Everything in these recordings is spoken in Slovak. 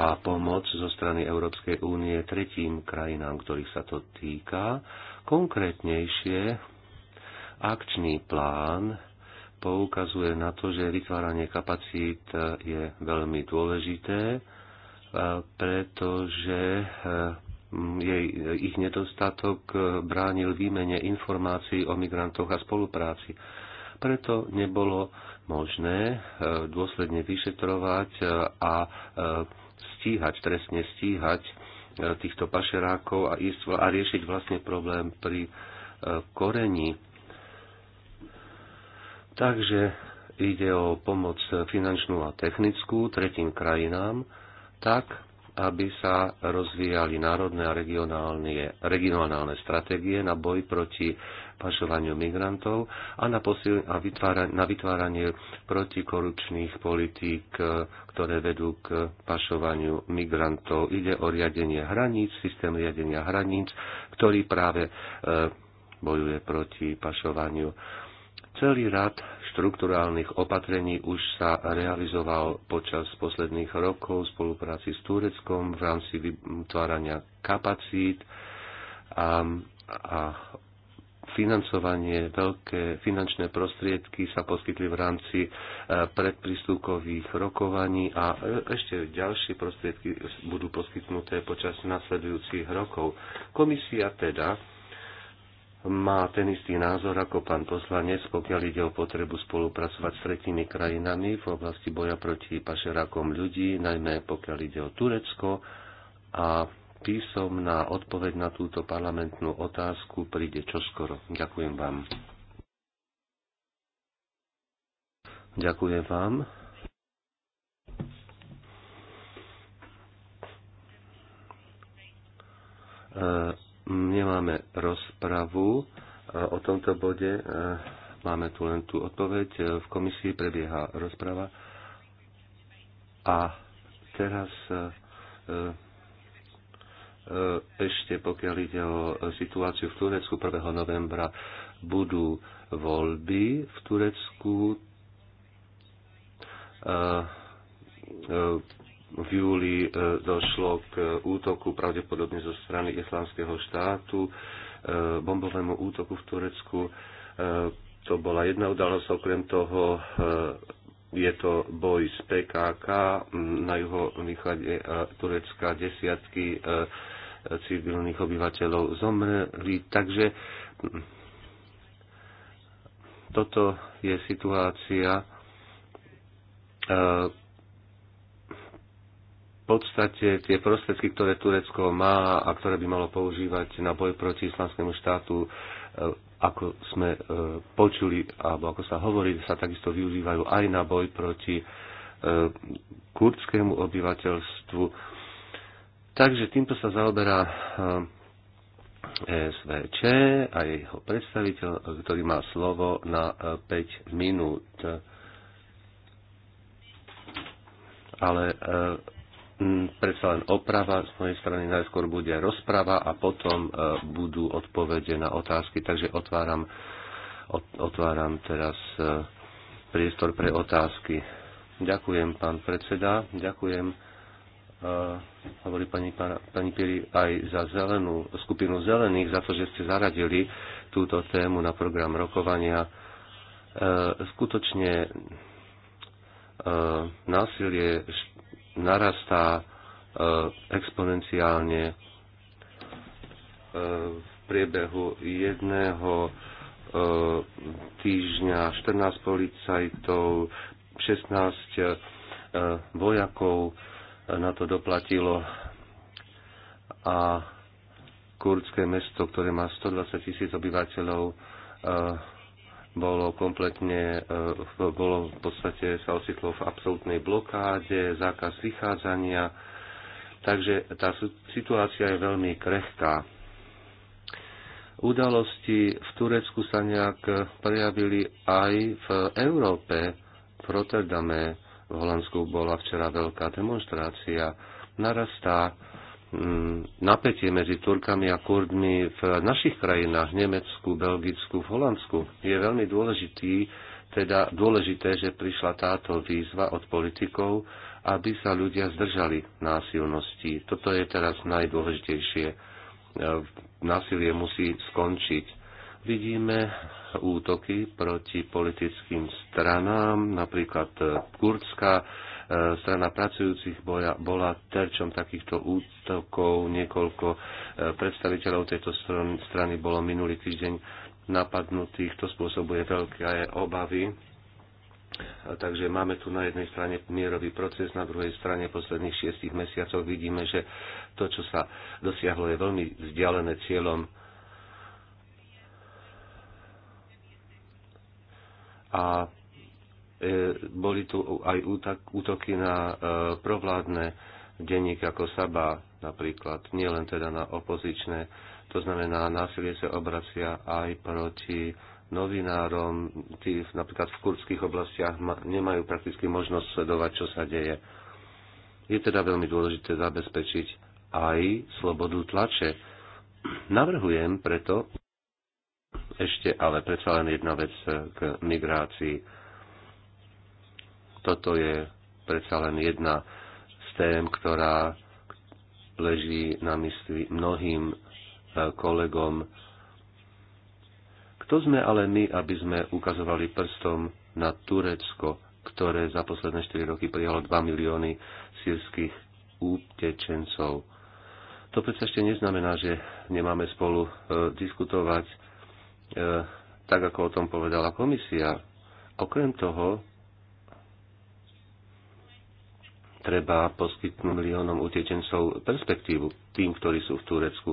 a pomoc zo strany Európskej únie tretím krajinám, ktorých sa to týka. Konkrétnejšie, akčný plán poukazuje na to, že vytváranie kapacít je veľmi dôležité, e, pretože e, jej, ich nedostatok e, bránil výmene informácií o migrantoch a spolupráci. Preto nebolo možné dôsledne vyšetrovať a stíhať, trestne stíhať e, týchto pašerákov a, ísť, a riešiť vlastne problém pri e, korení. Takže ide o pomoc finančnú a technickú tretím krajinám, tak, aby sa rozvíjali národné a regionálne, regionálne stratégie na boj proti pašovaniu migrantov a na, posil- a vytvára- na vytváranie protikorupčných politík, e, ktoré vedú k pašovaniu migrantov. Ide o riadenie hraníc, systém riadenia hraníc, ktorý práve e, bojuje proti pašovaniu. Celý rad štrukturálnych opatrení už sa realizoval počas posledných rokov v spolupráci s Tureckom v rámci vytvárania kapacít a, a financovanie, veľké finančné prostriedky sa poskytli v rámci e, predprístupkových rokovaní a e, ešte ďalšie prostriedky budú poskytnuté počas nasledujúcich rokov. Komisia teda má ten istý názor ako pán poslanec, pokiaľ ide o potrebu spolupracovať s tretími krajinami v oblasti boja proti pašerákom ľudí, najmä pokiaľ ide o Turecko a písomná odpoveď na túto parlamentnú otázku príde čoskoro. Ďakujem vám. Ďakujem vám. E, nemáme rozpravu e, o tomto bode. E, máme tu len tú odpoveď. V komisii prebieha rozprava. A teraz E, ešte pokiaľ ide o situáciu v Turecku 1. novembra budú voľby v Turecku. E, e, v júli došlo k útoku pravdepodobne zo strany islamského štátu, bombovému útoku v Turecku. To bola jedna udalosť, okrem toho je to boj s PKK na juhovýchode e, Turecka desiatky e, e, civilných obyvateľov zomreli. Takže toto je situácia v podstate tie prostriedky, ktoré Turecko má a ktoré by malo používať na boj proti islamskému štátu, ako sme e, počuli, alebo ako sa hovorí, sa takisto využívajú aj na boj proti e, kurdskému obyvateľstvu. Takže týmto sa zaoberá e, SVČ a jeho predstaviteľ, ktorý má slovo na 5 minút. Ale Mm, predsa len oprava z mojej strany, najskôr bude rozprava a potom e, budú odpovede na otázky, takže otváram, otváram teraz e, priestor pre otázky. Ďakujem, pán predseda, ďakujem, e, hovorí pani, pani Piri, aj za zelenú, skupinu zelených, za to, že ste zaradili túto tému na program rokovania. Skutočne násilie narastá eh, exponenciálne eh, v priebehu jedného eh, týždňa 14 policajtov, 16 vojakov na to doplatilo a kurdské mesto, ktoré má 120 tisíc obyvateľov, bolo kompletne, e, bolo v podstate sa ocitlo v absolútnej blokáde, zákaz vychádzania, takže tá situácia je veľmi krehká. Udalosti v Turecku sa nejak prejavili aj v Európe, v Rotterdame, v Holandsku bola včera veľká demonstrácia, narastá Mm, napätie medzi Turkami a Kurdmi v našich krajinách, Nemecku, Belgicku, v Holandsku, je veľmi dôležitý, teda dôležité, že prišla táto výzva od politikov, aby sa ľudia zdržali násilnosti. Toto je teraz najdôležitejšie. E, násilie musí skončiť. Vidíme útoky proti politickým stranám, napríklad e, Kurdská strana pracujúcich boja, bola terčom takýchto útokov. Niekoľko e, predstaviteľov tejto strany bolo minulý týždeň napadnutých. To spôsobuje veľké obavy. Takže máme tu na jednej strane mierový proces, na druhej strane posledných šiestich mesiacov vidíme, že to, čo sa dosiahlo, je veľmi vzdialené cieľom. A E, boli tu aj útoky na e, provládne denníky ako Saba napríklad, nielen teda na opozičné. To znamená, násilie sa obracia aj proti novinárom. Tí napríklad v kurdských oblastiach nemajú prakticky možnosť sledovať, čo sa deje. Je teda veľmi dôležité zabezpečiť aj slobodu tlače. Navrhujem preto ešte ale predsa len jedna vec e, k migrácii toto je predsa len jedna z tém, ktorá leží na mysli mnohým e, kolegom. Kto sme ale my, aby sme ukazovali prstom na Turecko, ktoré za posledné 4 roky prijalo 2 milióny sírskych útečencov? To predsa ešte neznamená, že nemáme spolu e, diskutovať e, tak, ako o tom povedala komisia. Okrem toho, treba poskytnúť miliónom utečencov perspektívu tým, ktorí sú v Turecku.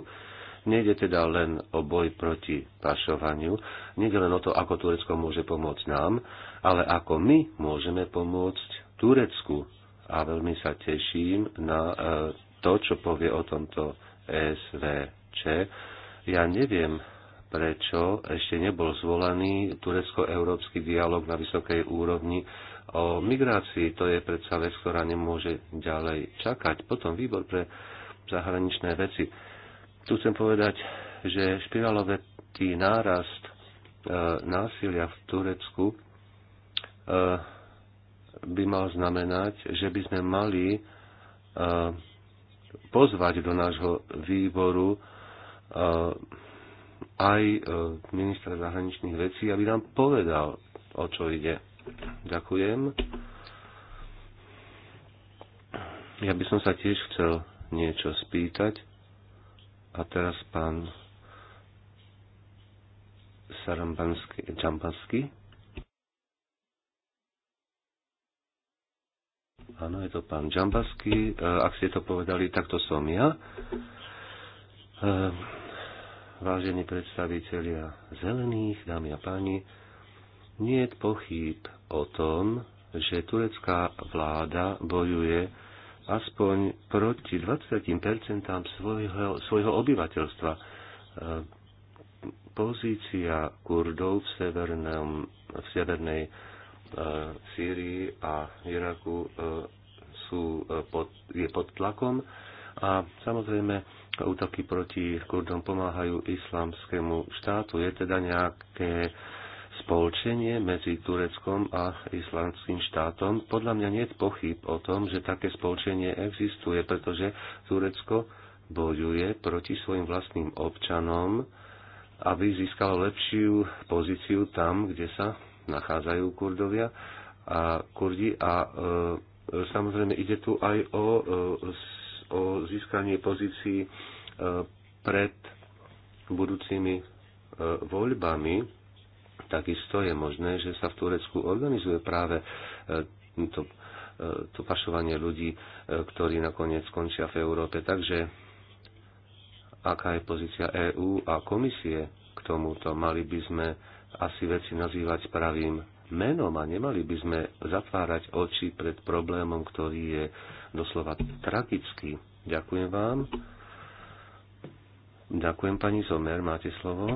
Nejde teda len o boj proti pašovaniu, nejde len o to, ako Turecko môže pomôcť nám, ale ako my môžeme pomôcť Turecku. A veľmi sa teším na e, to, čo povie o tomto SVČ. Ja neviem, prečo ešte nebol zvolaný turecko-európsky dialog na vysokej úrovni o migrácii. To je predsa vec, ktorá nemôže ďalej čakať. Potom výbor pre zahraničné veci. Tu chcem povedať, že špiralovetý nárast e, násilia v Turecku e, by mal znamenať, že by sme mali e, pozvať do nášho výboru e, aj e, ministra zahraničných vecí, aby nám povedal, o čo ide. Ďakujem. Ja by som sa tiež chcel niečo spýtať. A teraz pán Sarambanský, Čampanský. Áno, je to pán Džambaský. E, ak ste to povedali, tak to som ja. E, vážení predstavitelia zelených, dámy a páni, nie je pochyb o tom, že turecká vláda bojuje aspoň proti 20% svojho, svojho obyvateľstva. E, pozícia Kurdov v, severnom, v severnej e, Sýrii a Iraku e, sú pod, je pod tlakom a samozrejme útoky proti Kurdom pomáhajú islamskému štátu. Je teda nejaké spolčenie medzi Tureckom a islandským štátom. Podľa mňa nie je pochyb o tom, že také spolčenie existuje, pretože Turecko bojuje proti svojim vlastným občanom, aby získalo lepšiu pozíciu tam, kde sa nachádzajú Kurdovia a Kurdi a e, samozrejme ide tu aj o, e, o získanie pozícií e, pred budúcimi e, voľbami Takisto je možné, že sa v Turecku organizuje práve e, to, e, to pašovanie ľudí, e, ktorí nakoniec skončia v Európe. Takže aká je pozícia EÚ a komisie k tomuto? Mali by sme asi veci nazývať pravým menom a nemali by sme zatvárať oči pred problémom, ktorý je doslova tragický. Ďakujem vám. Ďakujem pani Zomer, máte slovo.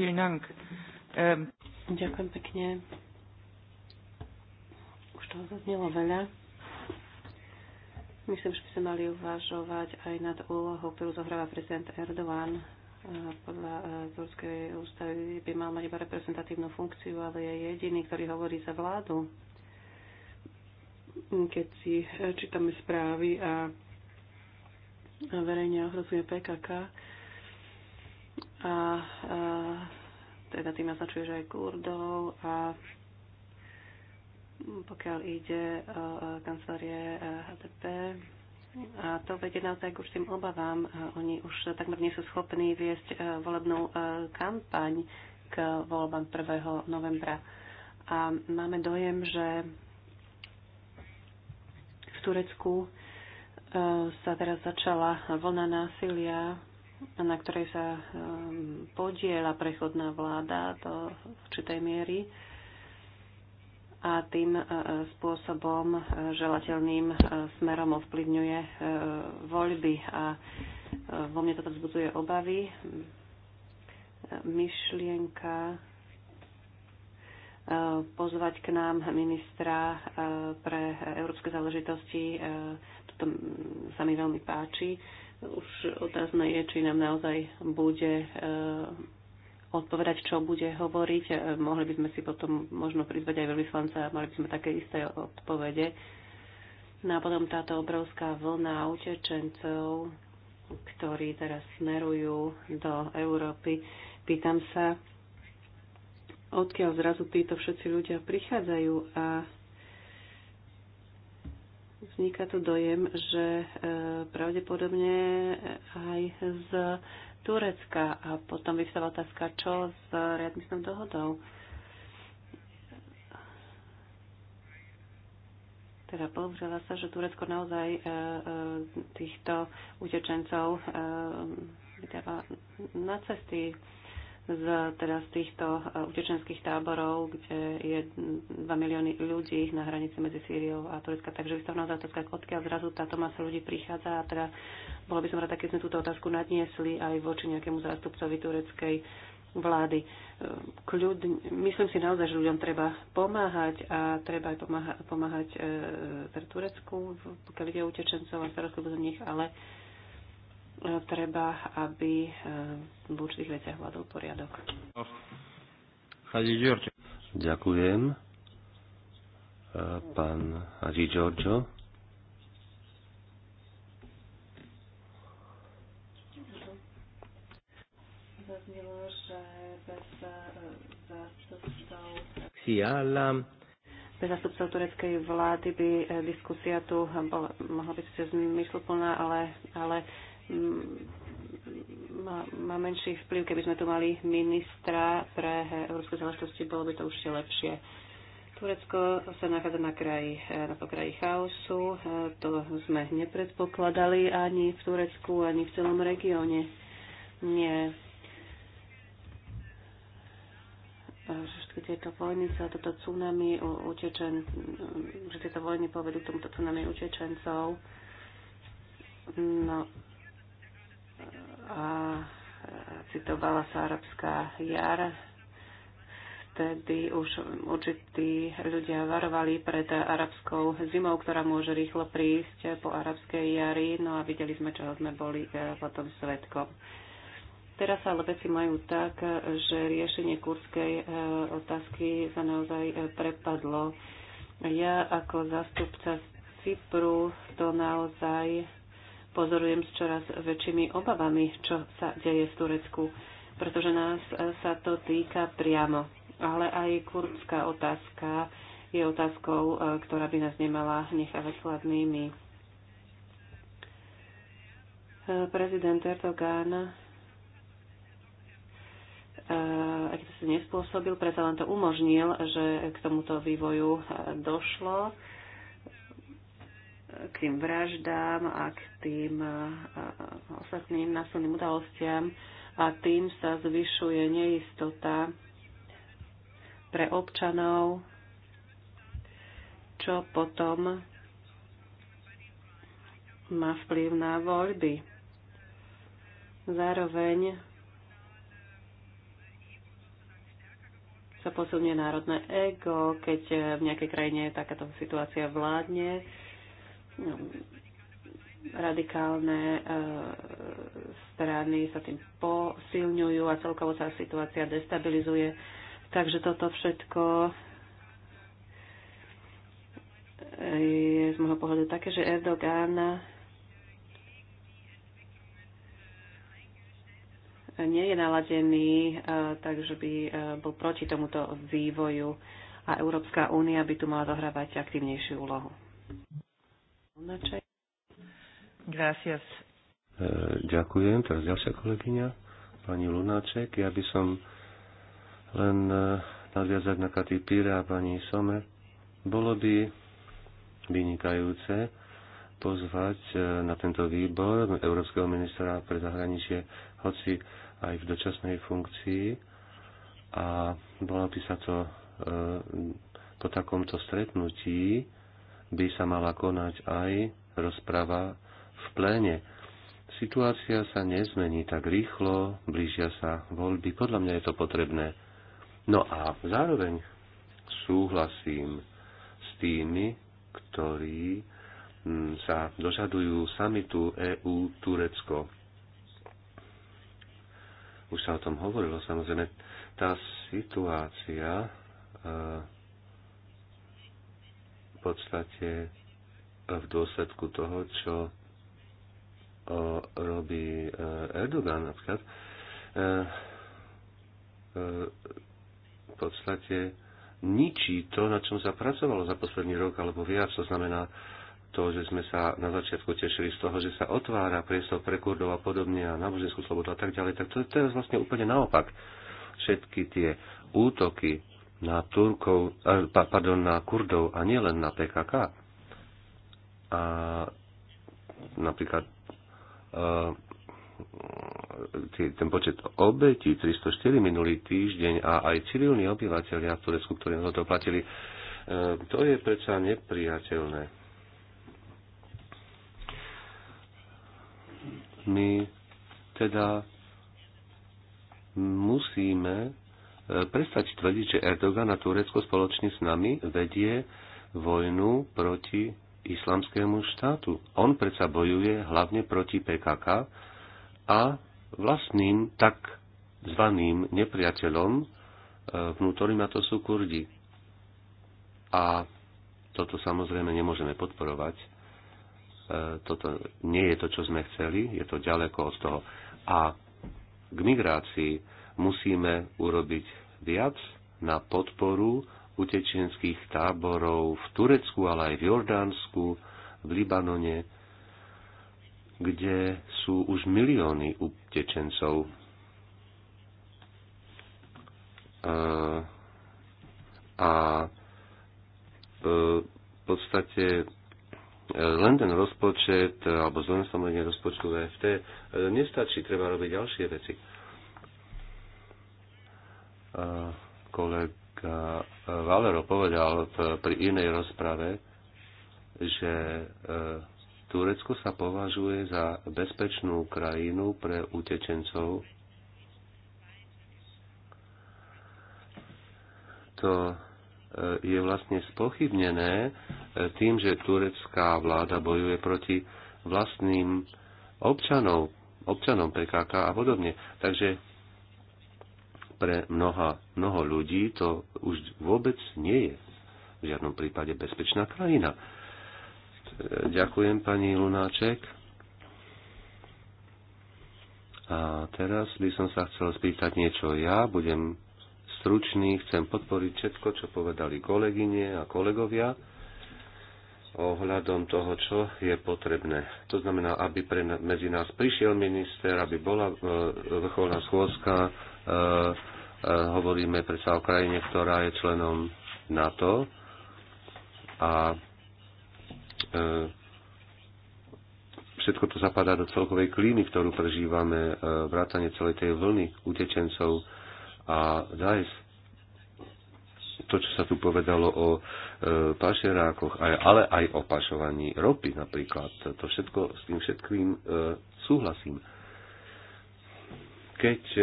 Vielen Dank. Um... Ďakujem pekne. Už toho zaznelo veľa. Myslím, že by sme mali uvažovať aj nad úlohou, ktorú zohráva prezident Erdogan. E, podľa Turskej e, ústavy by mal mať iba reprezentatívnu funkciu, ale je jediný, ktorý hovorí za vládu. Keď si e, čítame správy a verejne ohrozuje PKK, a, a e, teda tým naznačuje, že aj kurdov a pokiaľ ide o e, kancelárie e, HDP. A to vedie naozaj k tým obavám. Oni už takmer nie sú schopní viesť volebnú kampaň k voľbám 1. novembra. A máme dojem, že v Turecku sa teraz začala vlna násilia na ktorej sa ehm, podiela prechodná vláda do určitej miery a tým e, e, spôsobom e, želateľným smerom ovplyvňuje voľby a vo mne toto teda vzbudzuje obavy. Myšlienka pozvať k nám ministra pre európske záležitosti, toto sa mi veľmi páči už otázne je, či nám naozaj bude e, odpovedať, čo bude hovoriť. E, mohli by sme si potom možno prizvať aj veľvyslanca a mali by sme také isté odpovede. No a potom táto obrovská vlna utečencov, ktorí teraz smerujú do Európy. Pýtam sa, odkiaľ zrazu títo všetci ľudia prichádzajú a vzniká tu dojem, že e, pravdepodobne aj z Turecka a potom vyvstáva otázka, čo s readmisnou dohodou. Teda použila sa, že Turecko naozaj e, e, týchto utečencov vydáva na cesty z teraz týchto e, utečenských táborov, kde je 2 milióny ľudí na hranici medzi Sýriou a Turecka. Takže vystavná otázka, odkiaľ zrazu táto masa ľudí prichádza a teda bolo by som rada, keď sme túto otázku nadniesli aj voči nejakému zástupcovi tureckej vlády. E, kľud, myslím si naozaj, že ľuďom treba pomáhať a treba aj pomáha, pomáhať e, teda Turecku, pokiaľ ide o utečencov a starostlivosť o nich, ale treba, aby eh, v určitých veciach vládol poriadok. Ďakujem. Eh, pán Haji Giorgio. bez eh, zastupcov tureckej vlády by diskusia tu mohla byť zmysluplná, ale, ale Mm, má, má menší vplyv, keby sme tu mali ministra pre európske záležitosti, bolo by to už lepšie. Turecko sa nachádza na, kraji, na pokraji chaosu. To sme nepredpokladali ani v Turecku, ani v celom regióne. Nie. Všetky tieto vojny sa, toto tsunami utečen, že tieto vojny povedú k tomuto tsunami utečencov. No, a e, citovala sa arabská jar. Vtedy už určití ľudia varovali pred arabskou zimou, ktorá môže rýchlo prísť po arabskej jari, no a videli sme, čo sme boli e, potom svetkom. Teraz ale veci majú tak, že riešenie kurskej e, otázky sa naozaj prepadlo. Ja ako zastupca Cypru to naozaj pozorujem s čoraz väčšími obavami, čo sa deje v Turecku, pretože nás e, sa to týka priamo. Ale aj kurdská otázka je otázkou, e, ktorá by nás nemala nechávať chladnými. E, prezident Erdogan aj keď to si nespôsobil, predsa len to umožnil, že k tomuto vývoju došlo k tým vraždám a k tým e, e, ostatným násilným udalostiam a tým sa zvyšuje neistota pre občanov, čo potom má vplyv na voľby. Zároveň sa posunie národné ego, keď v nejakej krajine takáto situácia vládne, radikálne e, strany sa tým posilňujú a celkovo sa situácia destabilizuje. Takže toto všetko e, je z môjho pohľadu také, že Erdogan nie je naladený, e, takže by bol proti tomuto vývoju a Európska únia by tu mala zohrávať aktívnejšiu úlohu. Gracias. E, ďakujem. Teraz ďalšia kolegyňa, pani Lunáček. Ja by som len e, nadviazať na Katy Píre a pani Somer. Bolo by vynikajúce pozvať e, na tento výbor Európskeho ministra pre zahraničie, hoci aj v dočasnej funkcii. A bolo by sa to po takomto stretnutí by sa mala konať aj rozprava v pléne. Situácia sa nezmení tak rýchlo, blížia sa voľby, podľa mňa je to potrebné. No a zároveň súhlasím s tými, ktorí hm, sa dožadujú samitu EU-Turecko. Už sa o tom hovorilo, samozrejme. Tá situácia e, podstate v dôsledku toho, čo robí e, Erdogan napríklad, e, e, v podstate ničí to, na čom sa pracovalo za posledný rok alebo viac. To znamená to, že sme sa na začiatku tešili z toho, že sa otvára priestor pre Kurdov a podobne a náboženskú slobodu a tak ďalej. Tak to je teraz vlastne úplne naopak. Všetky tie útoky na Turkov, eh, pardon, na Kurdov a nielen na PKK. A napríklad eh, ten počet obetí 304 minulý týždeň a aj civilní obyvateľia v Turecku, ktorí na to platili, eh, to je predsa nepriateľné. My teda musíme prestať tvrdiť, že Erdogan a Turecko spoločne s nami vedie vojnu proti islamskému štátu. On predsa bojuje hlavne proti PKK a vlastným tak zvaným nepriateľom e, vnútorným, a to sú Kurdi. A toto samozrejme nemôžeme podporovať. E, toto nie je to, čo sme chceli, je to ďaleko od toho. A k migrácii Musíme urobiť viac na podporu utečenských táborov v Turecku, ale aj v Jordánsku, v Libanone, kde sú už milióny utečencov. A e, v podstate e, len ten rozpočet, alebo zlenstvo rozpočtu VFT e nestačí, treba robiť ďalšie veci. Eh, kolega Valero povedal pri inej rozprave, že eh, Turecko sa považuje za bezpečnú krajinu pre utečencov. To eh, je vlastne spochybnené tým, že turecká vláda bojuje proti vlastným občanov, občanom PKK a podobne. Takže pre mnoha, mnoho ľudí to už vôbec nie je v žiadnom prípade bezpečná krajina. Ďakujem pani Lunáček. A teraz by som sa chcel spýtať niečo ja. Budem stručný, chcem podporiť všetko, čo povedali kolegyne a kolegovia ohľadom toho, čo je potrebné. To znamená, aby pre, medzi nás prišiel minister, aby bola e, vrcholná schôzka e, E, hovoríme predsa o krajine, ktorá je členom NATO a e, všetko to zapadá do celkovej klímy, ktorú prežívame, e, vrátanie celej tej vlny utečencov a Daesh. To, čo sa tu povedalo o e, pašerákoch, ale aj o pašovaní ropy napríklad, to všetko s tým všetkým e, súhlasím. Keď e,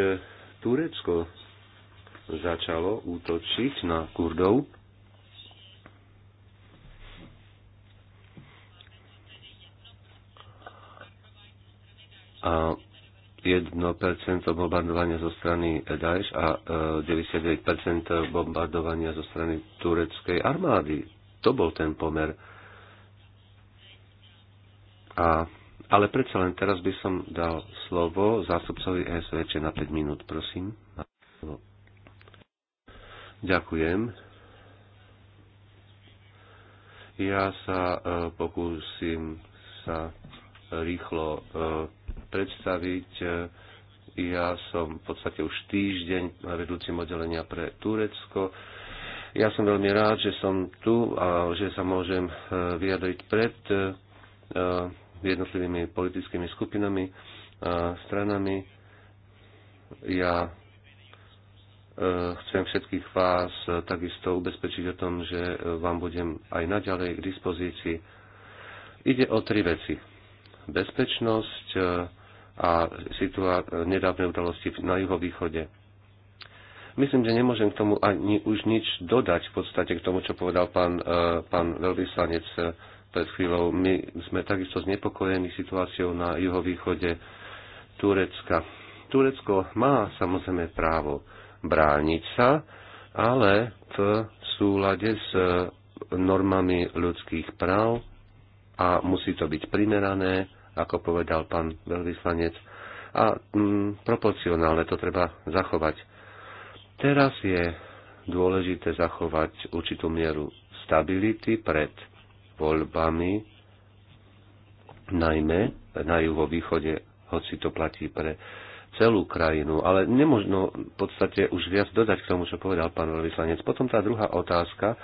Turecko začalo útočiť na Kurdov. A 1% bombardovania zo strany Daesh a 99% e, bombardovania zo strany tureckej armády. To bol ten pomer. A, ale predsa len teraz by som dal slovo zástupcovi SVČ na 5 minút, prosím. Ďakujem. Ja sa e, pokúsim sa rýchlo e, predstaviť. Ja som v podstate už týždeň vedúcim oddelenia pre Turecko. Ja som veľmi rád, že som tu a že sa môžem e, vyjadriť pred jednotlivými politickými skupinami a stranami. Ja Eh, chcem všetkých vás eh, takisto ubezpečiť o tom, že eh, vám budem aj naďalej k dispozícii. Ide o tri veci. Bezpečnosť a situá- nedávne udalosti na juhovýchode. Myslím, že nemôžem k tomu ani už nič dodať v podstate k tomu, čo povedal pán, pán veľvyslanec pred chvíľou. My sme takisto znepokojení situáciou na juhovýchode Turecka. Turecko má samozrejme právo brániť sa, ale v súlade s e, normami ľudských práv a musí to byť primerané, ako povedal pán veľvyslanec, a mm, proporcionálne to treba zachovať. Teraz je dôležité zachovať určitú mieru stability pred voľbami, najmä na juhovýchode, hoci to platí pre celú krajinu, ale nemožno v podstate už viac dodať k tomu, čo povedal pán veľvyslanec. Potom tá druhá otázka,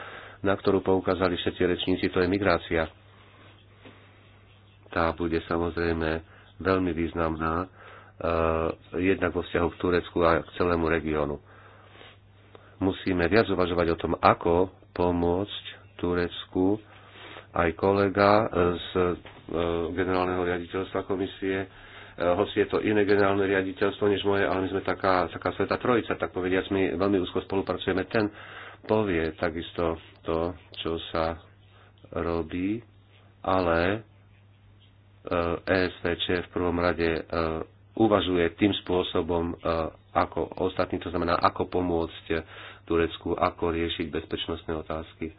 na ktorú poukázali všetci rečníci, to je migrácia. Tá bude samozrejme veľmi významná, eh, jednak vo vzťahu k Turecku a k celému regiónu. Musíme viac uvažovať o tom, ako pomôcť Turecku. Aj kolega e, z eh, generálneho riaditeľstva komisie E, hoci je to iné generálne riaditeľstvo než moje, ale my sme taká, taká sveta trojica, tak povediac, my veľmi úzko spolupracujeme. Ten povie takisto to, čo sa robí, ale ESVČ e v prvom rade e, uvažuje tým spôsobom, ako ostatní, to znamená, ako pomôcť Turecku, ako riešiť bezpečnostné otázky.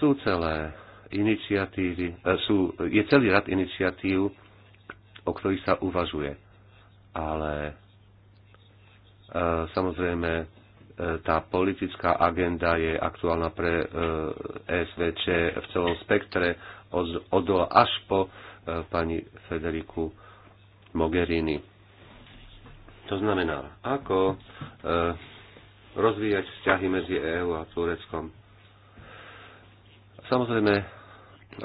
Sú celé iniciatívy, sú, je celý rad iniciatív, o ktorých sa uvažuje. Ale e, samozrejme e, tá politická agenda je aktuálna pre e, SVČ v celom spektre od až po pani Federiku Mogherini. To znamená, ako rozvíjať vzťahy medzi EÚ a Tureckom. Samozrejme,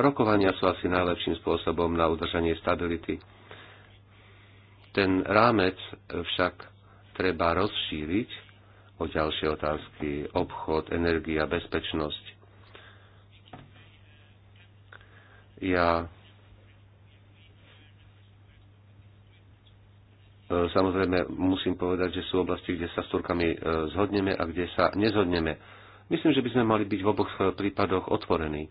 rokovania sú asi najlepším spôsobom na udržanie stability ten rámec však treba rozšíriť o ďalšie otázky, obchod, energia, bezpečnosť. Ja e, Samozrejme, musím povedať, že sú oblasti, kde sa s Turkami e, zhodneme a kde sa nezhodneme. Myslím, že by sme mali byť v oboch prípadoch otvorení.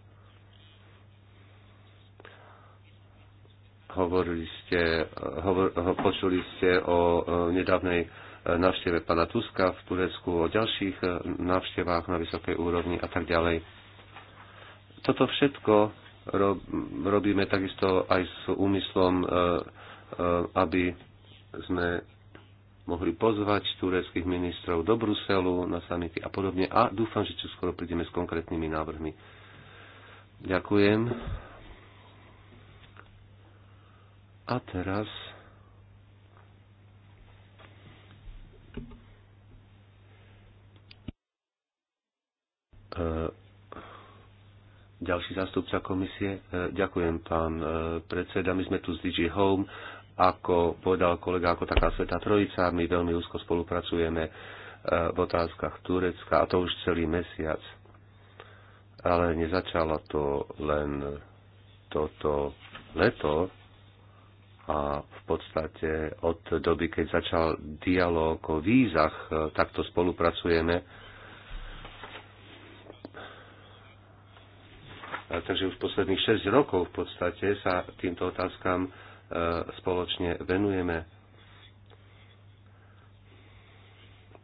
hovorili ste, hovor, počuli ste o nedávnej e, návšteve pana Tuska v Turecku, o ďalších e, návštevách na vysokej úrovni a tak ďalej. Toto všetko robíme takisto aj s úmyslom, e, aby sme mohli pozvať tureckých ministrov do Bruselu na samity a podobne. A dúfam, že čo skoro prídeme s konkrétnymi návrhmi. Ďakujem. A teraz e, ďalší zástupca komisie. E, ďakujem, pán e, predseda. My sme tu z DG Home. Ako povedal kolega, ako taká Sveta Trojica, my veľmi úzko spolupracujeme v otázkach Turecka, a to už celý mesiac. Ale nezačalo to len toto leto, a v podstate od doby, keď začal dialog o vízach, e, takto spolupracujeme. A takže už posledných 6 rokov v podstate sa týmto otázkam e, spoločne venujeme.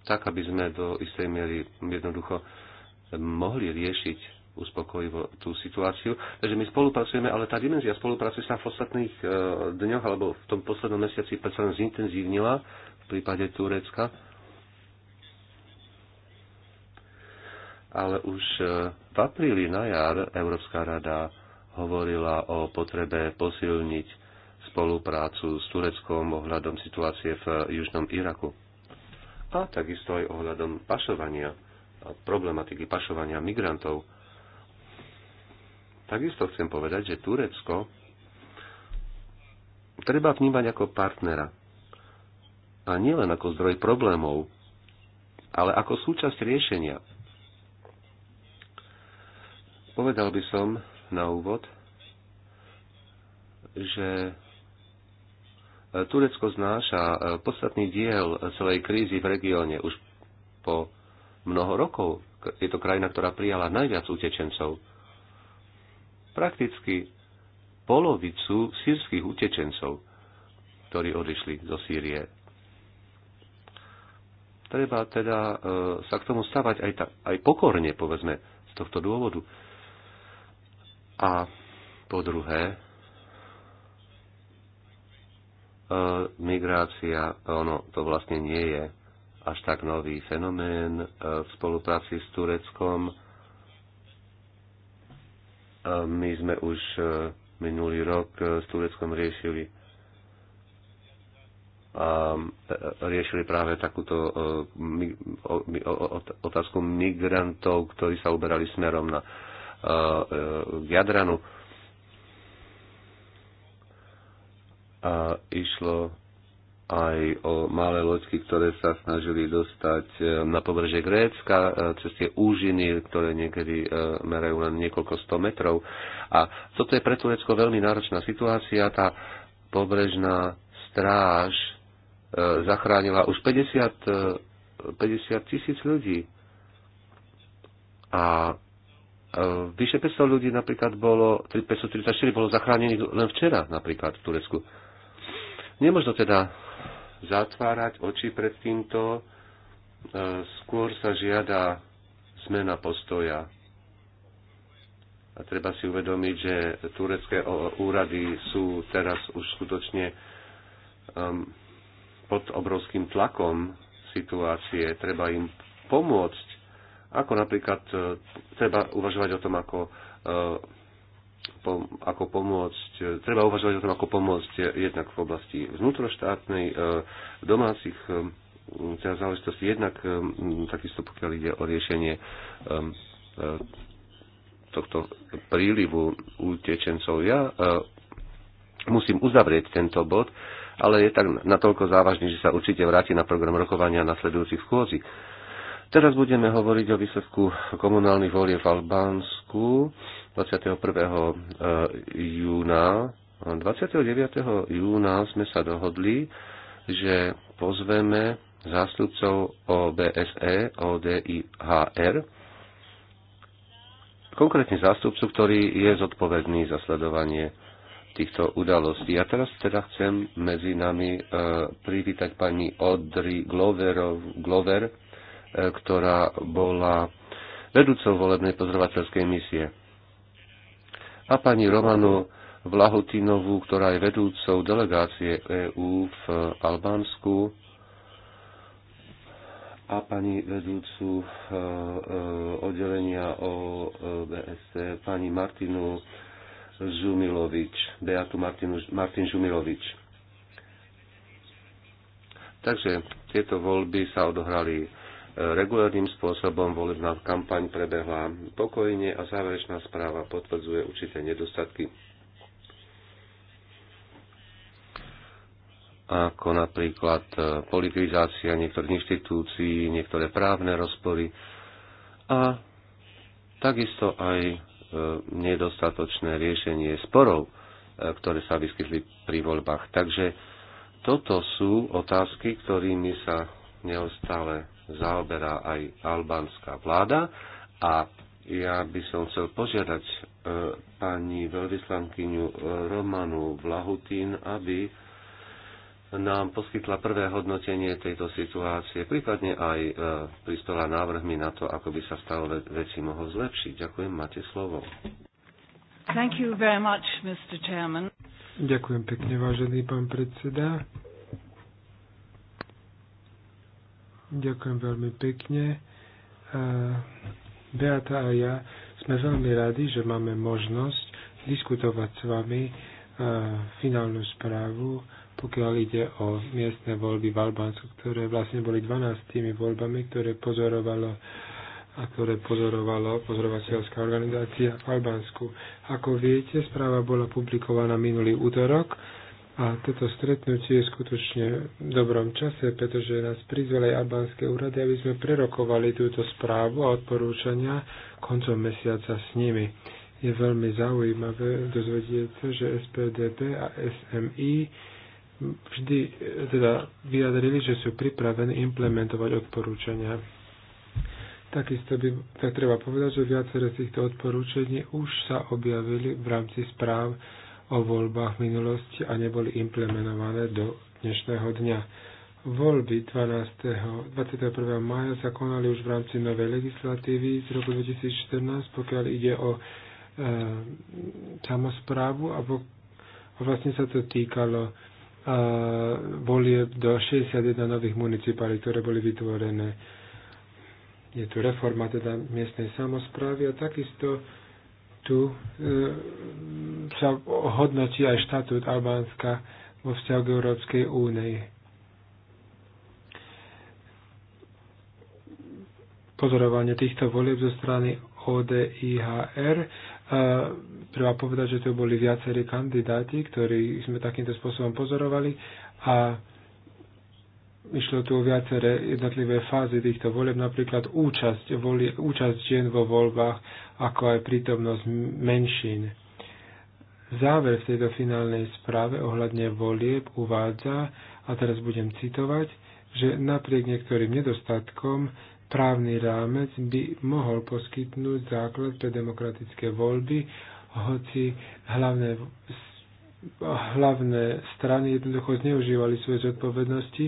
Tak, aby sme do istej miery jednoducho mohli riešiť uspokojivo tú situáciu. Takže my spolupracujeme, ale tá dimenzia spolupráce sa v ostatných e, dňoch alebo v tom poslednom mesiaci predsa len zintenzívnila v prípade Turecka. Ale už e, v apríli na jar Európska rada hovorila o potrebe posilniť spoluprácu s Tureckom ohľadom situácie v južnom Iraku. A takisto aj ohľadom pašovania, problematiky pašovania migrantov Takisto chcem povedať, že Turecko treba vnímať ako partnera. A nielen ako zdroj problémov, ale ako súčasť riešenia. Povedal by som na úvod, že Turecko znáša e, podstatný diel celej krízy v regióne už po mnoho rokov. Je to krajina, ktorá prijala najviac utečencov prakticky polovicu sírskych utečencov, ktorí odišli zo Sýrie. Treba teda e, sa k tomu stavať aj, ta, aj pokorne, povedzme, z tohto dôvodu. A po druhé, e, migrácia, ono to vlastne nie je až tak nový fenomén e, v spolupráci s Tureckom my sme už e, minulý rok e, s Tureckom riešili a e, riešili práve takúto otázku migrantov, ktorí sa uberali smerom na k Jadranu. A išlo aj o malé loďky, ktoré sa snažili dostať e, na pobreže Grécka e, cez tie úžiny, ktoré niekedy e, merajú len niekoľko sto metrov. A toto je pre Turecko veľmi náročná situácia. Tá pobrežná stráž zachránila už 50, 50 tisíc ľudí. A vyše 500 ľudí napríklad bolo, 534 bolo zachránených len včera napríklad v Turecku. Nemožno teda zatvárať oči pred týmto, e, skôr sa žiada zmena postoja. A treba si uvedomiť, že turecké úrady sú teraz už skutočne um, pod obrovským tlakom situácie. Treba im pomôcť. Ako napríklad e, treba uvažovať o tom, ako e, pom- ako pomôcť, e, treba uvažovať o tom, ako pomôcť e, jednak v oblasti vnútroštátnej, e, domácich teda záležitosti, jednak takisto pokiaľ ide o riešenie tohto prílivu utečencov. Ja musím uzavrieť tento bod, ale je tak natoľko závažný, že sa určite vráti na program rokovania nasledujúcich schôdzi. Teraz budeme hovoriť o výsledku komunálnych volie v Albánsku. 21. E, júna. 29. júna sme sa dohodli, že pozveme zástupcov OBSE, ODIHR, konkrétne zástupcu, ktorý je zodpovedný za sledovanie týchto udalostí. A teraz teda chcem medzi nami e, privítať pani Audrey Gloverov, Glover, e, ktorá bola vedúcou volebnej pozorovateľskej misie a pani Romanu Vlahutinovú, ktorá je vedúcou delegácie EÚ v Albánsku a pani vedúcu e, e, oddelenia o BSC, pani Martinu Žumilovič, Beatu Martinu, Martin Žumilovič. Takže tieto voľby sa odohrali Regulárnym spôsobom volebná kampaň prebehla pokojne a záverečná správa potvrdzuje určité nedostatky ako napríklad e, politizácia niektorých inštitúcií, niektoré právne rozpory a takisto aj e, nedostatočné riešenie sporov, e, ktoré sa vyskytli pri voľbách. Takže toto sú otázky, ktorými sa neustále zaoberá aj albánska vláda. A ja by som chcel požiadať e, pani veľvyslankyňu e, Romanu Vlahutín, aby nám poskytla prvé hodnotenie tejto situácie, prípadne aj e, pristola návrhmi na to, ako by sa stalo veci mohol zlepšiť. Ďakujem, máte slovo. Thank you very much, Mr. Chairman. Ďakujem pekne, vážený pán predseda. Ďakujem veľmi pekne. Beata a ja sme veľmi radi, že máme možnosť diskutovať s vami finálnu správu, pokiaľ ide o miestne voľby v Albánsku, ktoré vlastne boli 12 voľbami, ktoré pozorovalo a ktoré pozorovalo pozorovateľská organizácia v Albánsku. Ako viete, správa bola publikovaná minulý útorok a toto stretnutie je skutočne v dobrom čase, pretože nás prizvali albánske úrady, aby sme prerokovali túto správu a odporúčania koncom mesiaca s nimi. Je veľmi zaujímavé dozvedieť sa, že SPDP a SMI vždy teda vyjadrili, že sú pripravení implementovať odporúčania. Takisto by, tak treba povedať, že viacero z týchto odporúčení už sa objavili v rámci správ o voľbách v minulosti a neboli implementované do dnešného dňa. Voľby 12. 21. maja sa konali už v rámci novej legislatívy z roku 2014, pokiaľ ide o e, samozprávu a, po, a vlastne sa to týkalo e, volie do 61 nových municipálí, ktoré boli vytvorené. Je tu reforma teda miestnej samozprávy a takisto tu e, sa hodnotí aj štatút Albánska vo vzťahu k Európskej únii. Pozorovanie týchto volieb zo strany ODIHR. E, treba povedať, že tu boli viacerí kandidáti, ktorí sme takýmto spôsobom pozorovali a Išlo tu o viaceré jednotlivé fázy týchto volieb, napríklad účasť, voli, účasť žien vo voľbách, ako aj prítomnosť menšín. Záver v tejto finálnej správe ohľadne volieb uvádza, a teraz budem citovať, že napriek niektorým nedostatkom právny rámec by mohol poskytnúť základ pre demokratické voľby, hoci hlavné hlavné strany jednoducho zneužívali svoje zodpovednosti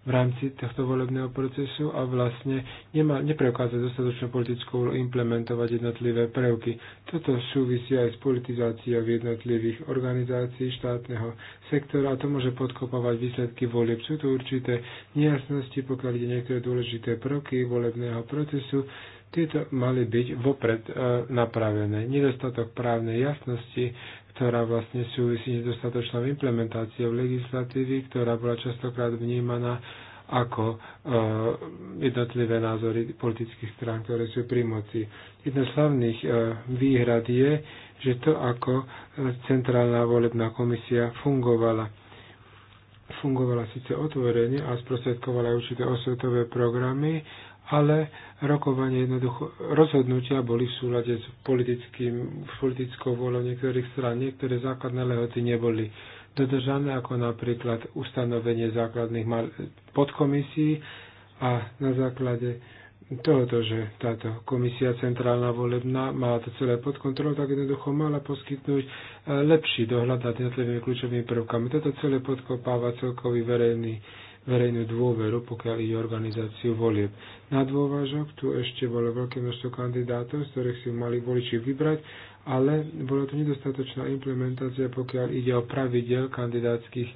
v rámci tohto volebného procesu a vlastne nemá, nepreukáza dostatočnú politickú úlohu implementovať jednotlivé prvky. Toto súvisí aj s politizáciou jednotlivých organizácií štátneho sektora a to môže podkopovať výsledky volieb. Sú tu určité nejasnosti, pokiaľ ide niektoré dôležité prvky volebného procesu, tieto mali byť vopred e, napravené. Nedostatok právnej jasnosti ktorá vlastne súvisí s nedostatočnou implementáciou legislatívy, ktorá bola častokrát vnímaná ako e, jednotlivé názory politických strán, ktoré sú pri moci. Jedna z hlavných e, výhrad je, že to, ako eh, centrálna volebná komisia fungovala. Fungovala síce otvorene a sprostredkovala určité osvetové programy, ale rokovanie jednoducho, rozhodnutia boli v súlade s, politickým, s politickou voľou niektorých strán. Niektoré základné lehoty neboli dodržané, ako napríklad ustanovenie základných podkomisí a na základe tohoto, že táto komisia centrálna volebná má to celé pod kontrolou, tak jednoducho mala poskytnúť e, lepší dohľad nad jednotlivými kľúčovými prvkami. Toto celé podkopáva celkový verejný verejnú dôveru, pokiaľ ide organizáciu volieb. Na dôvažok tu ešte bolo veľké množstvo kandidátov, z ktorých si mali voliči vybrať, ale bola to nedostatočná implementácia, pokiaľ ide o pravidel kandidátskych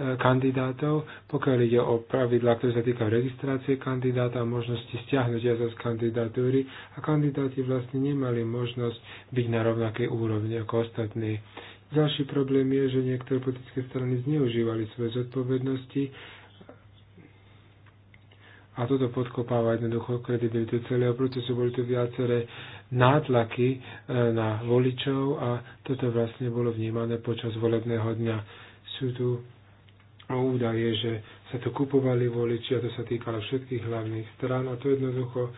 e, kandidátov, pokiaľ ide o pravidlá, ktoré sa týka registrácie kandidáta a možnosti stiahnuť sa z kandidatúry a kandidáti vlastne nemali možnosť byť na rovnakej úrovni ako ostatní. Ďalší problém je, že niektoré politické strany zneužívali svoje zodpovednosti a toto podkopáva jednoducho kredibilitu celého procesu. Boli tu viaceré nátlaky e, na voličov a toto vlastne bolo vnímané počas volebného dňa. Sú tu údaje, že sa tu kupovali voliči a to sa týkalo všetkých hlavných strán a to jednoducho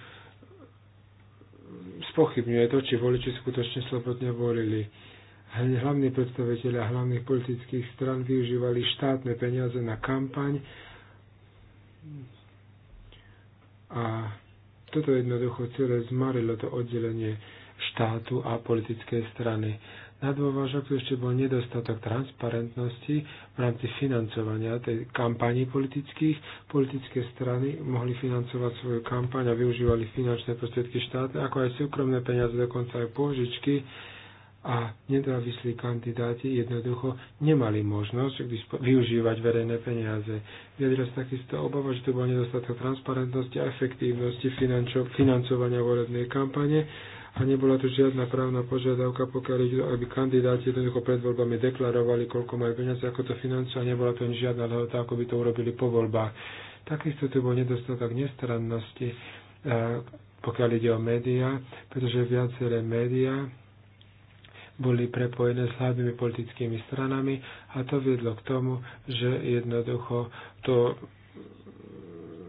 spochybňuje to, či voliči skutočne slobodne volili. Hlavní predstaviteľi hlavných politických stran využívali štátne peniaze na kampaň a toto jednoducho celé zmarilo to oddelenie štátu a politickej strany. Na dôvažok tu ešte bol nedostatok transparentnosti v rámci financovania tej kampaní politických. Politické strany mohli financovať svoju kampaň a využívali finančné prostriedky štátu, ako aj súkromné peniaze, dokonca aj pôžičky a nedávislí kandidáti jednoducho nemali možnosť využívať verejné peniaze. Vyjadrila sa takisto obava, že to bol nedostatok transparentnosti a efektívnosti financovania volebnej kampane a nebola tu žiadna právna požiadavka, pokiaľ ide, aby kandidáti jednoducho pred voľbami deklarovali, koľko majú peniaze, ako to financujú a nebola tu ani žiadna lehota, ako by to urobili po voľbách. Takisto tu bol nedostatok nestrannosti, eh, pokiaľ ide o médiá, pretože viaceré médiá boli prepojené s hlavnými politickými stranami a to viedlo k tomu, že jednoducho to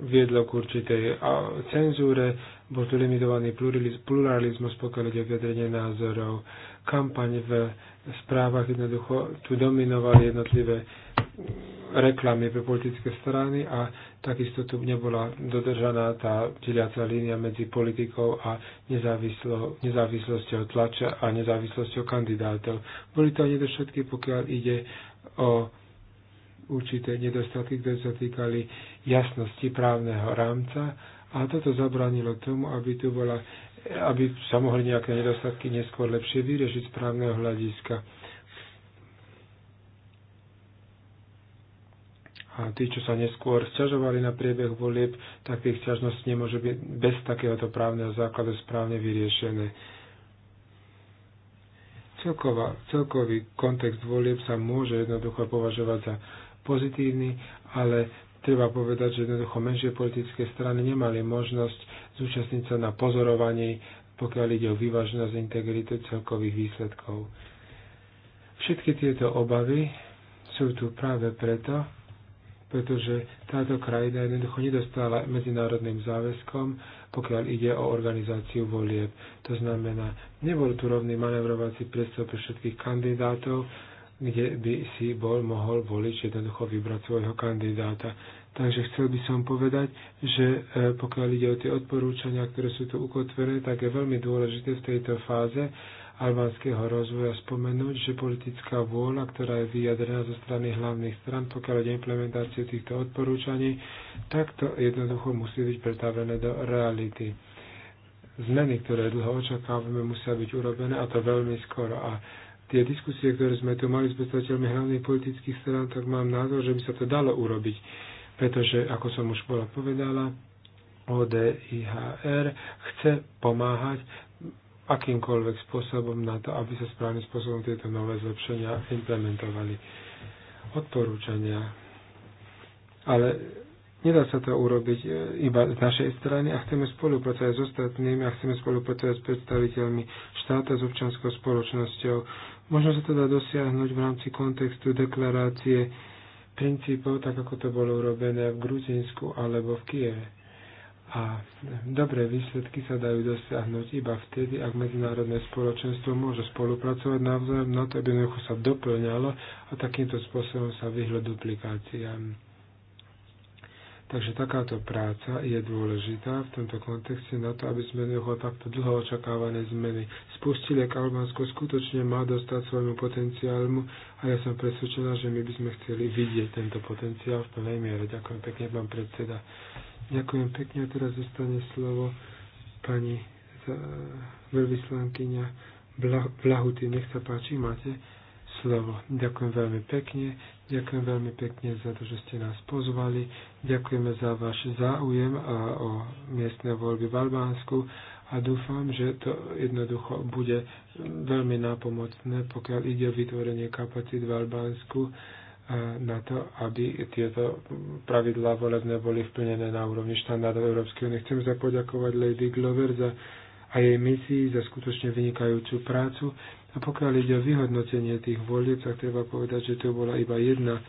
viedlo k určitej cenzúre, bol tu limitovaný pluralizmus, pokiaľ ide vyjadrenie názorov, kampaň v správach jednoducho tu dominovali jednotlivé reklamy pre politické strany a takisto tu nebola dodržaná tá deliaca línia medzi politikou a nezávislo, nezávislosťou tlača a nezávislosťou kandidátov. Boli to nedostatky, pokiaľ ide o určité nedostatky, ktoré sa týkali jasnosti právneho rámca a toto zabranilo tomu, aby tu bola aby sa mohli nejaké nedostatky neskôr lepšie vyriešiť z právneho hľadiska A tí, čo sa neskôr sťažovali na priebeh volieb, tak ich sťažnosť nemôže byť bez takéhoto právneho základu správne vyriešené. Celková, celkový kontext volieb sa môže jednoducho považovať za pozitívny, ale treba povedať, že jednoducho menšie politické strany nemali možnosť zúčastniť sa na pozorovaní, pokiaľ ide o vyváženosť integritu celkových výsledkov. Všetky tieto obavy sú tu práve preto, pretože táto krajina jednoducho nedostala medzinárodným záväzkom, pokiaľ ide o organizáciu volieb. To znamená, nebol tu rovný manevrovací priestor pre všetkých kandidátov, kde by si bol mohol voliť jednoducho vybrať svojho kandidáta. Takže chcel by som povedať, že e, pokiaľ ide o tie odporúčania, ktoré sú tu ukotvené, tak je veľmi dôležité v tejto fáze, albánskeho rozvoja spomenúť, že politická vôľa, ktorá je vyjadrená zo strany hlavných stran, pokiaľ ide implementáciu týchto odporúčaní, tak to jednoducho musí byť pretavené do reality. Zmeny, ktoré dlho očakávame, musia byť urobené a to veľmi skoro. A tie diskusie, ktoré sme tu mali s predstaviteľmi hlavných politických strán, tak mám názor, že by sa to dalo urobiť. Pretože, ako som už bola povedala, ODIHR chce pomáhať akýmkoľvek spôsobom na to, aby sa správnym spôsobom tieto nové zlepšenia implementovali. Odporúčania. Ale nedá sa to urobiť e, iba z našej strany a chceme spolupracovať s ostatnými a chceme spolupracovať s predstaviteľmi štáta, s občanskou spoločnosťou. Možno sa to dá dosiahnuť v rámci kontextu deklarácie princípov, tak ako to bolo urobené v Gruzínsku alebo v Kieve a dobré výsledky sa dajú dosiahnuť iba vtedy, ak medzinárodné spoločenstvo môže spolupracovať navzájom na to, aby jednoducho sa doplňalo a takýmto spôsobom sa vyhlo duplikáciám. Takže takáto práca je dôležitá v tomto kontexte na to, aby sme jednoducho takto dlho očakávané zmeny spustili, ak Albánsko skutočne má dostať svojmu potenciálmu a ja som presvedčená, že my by sme chceli vidieť tento potenciál v plnej miere. Ďakujem pekne, pán predseda. Ďakujem pekne a teraz zostane slovo pani e, veľvyslankyňa Blahuty. Nech sa páči, máte slovo. Ďakujem veľmi pekne. Ďakujem veľmi pekne za to, že ste nás pozvali. Ďakujeme za váš záujem e, o miestne voľby v Albánsku a dúfam, že to jednoducho bude veľmi nápomocné, pokiaľ ide o vytvorenie kapacít v Albánsku na to, aby tieto pravidlá volebné boli vplnené na úrovni štandardov Európskej únie. Chcem sa poďakovať Lady Glover za a jej misii za skutočne vynikajúcu prácu. A pokiaľ ide o vyhodnotenie tých volieb, tak treba povedať, že to bola iba jedna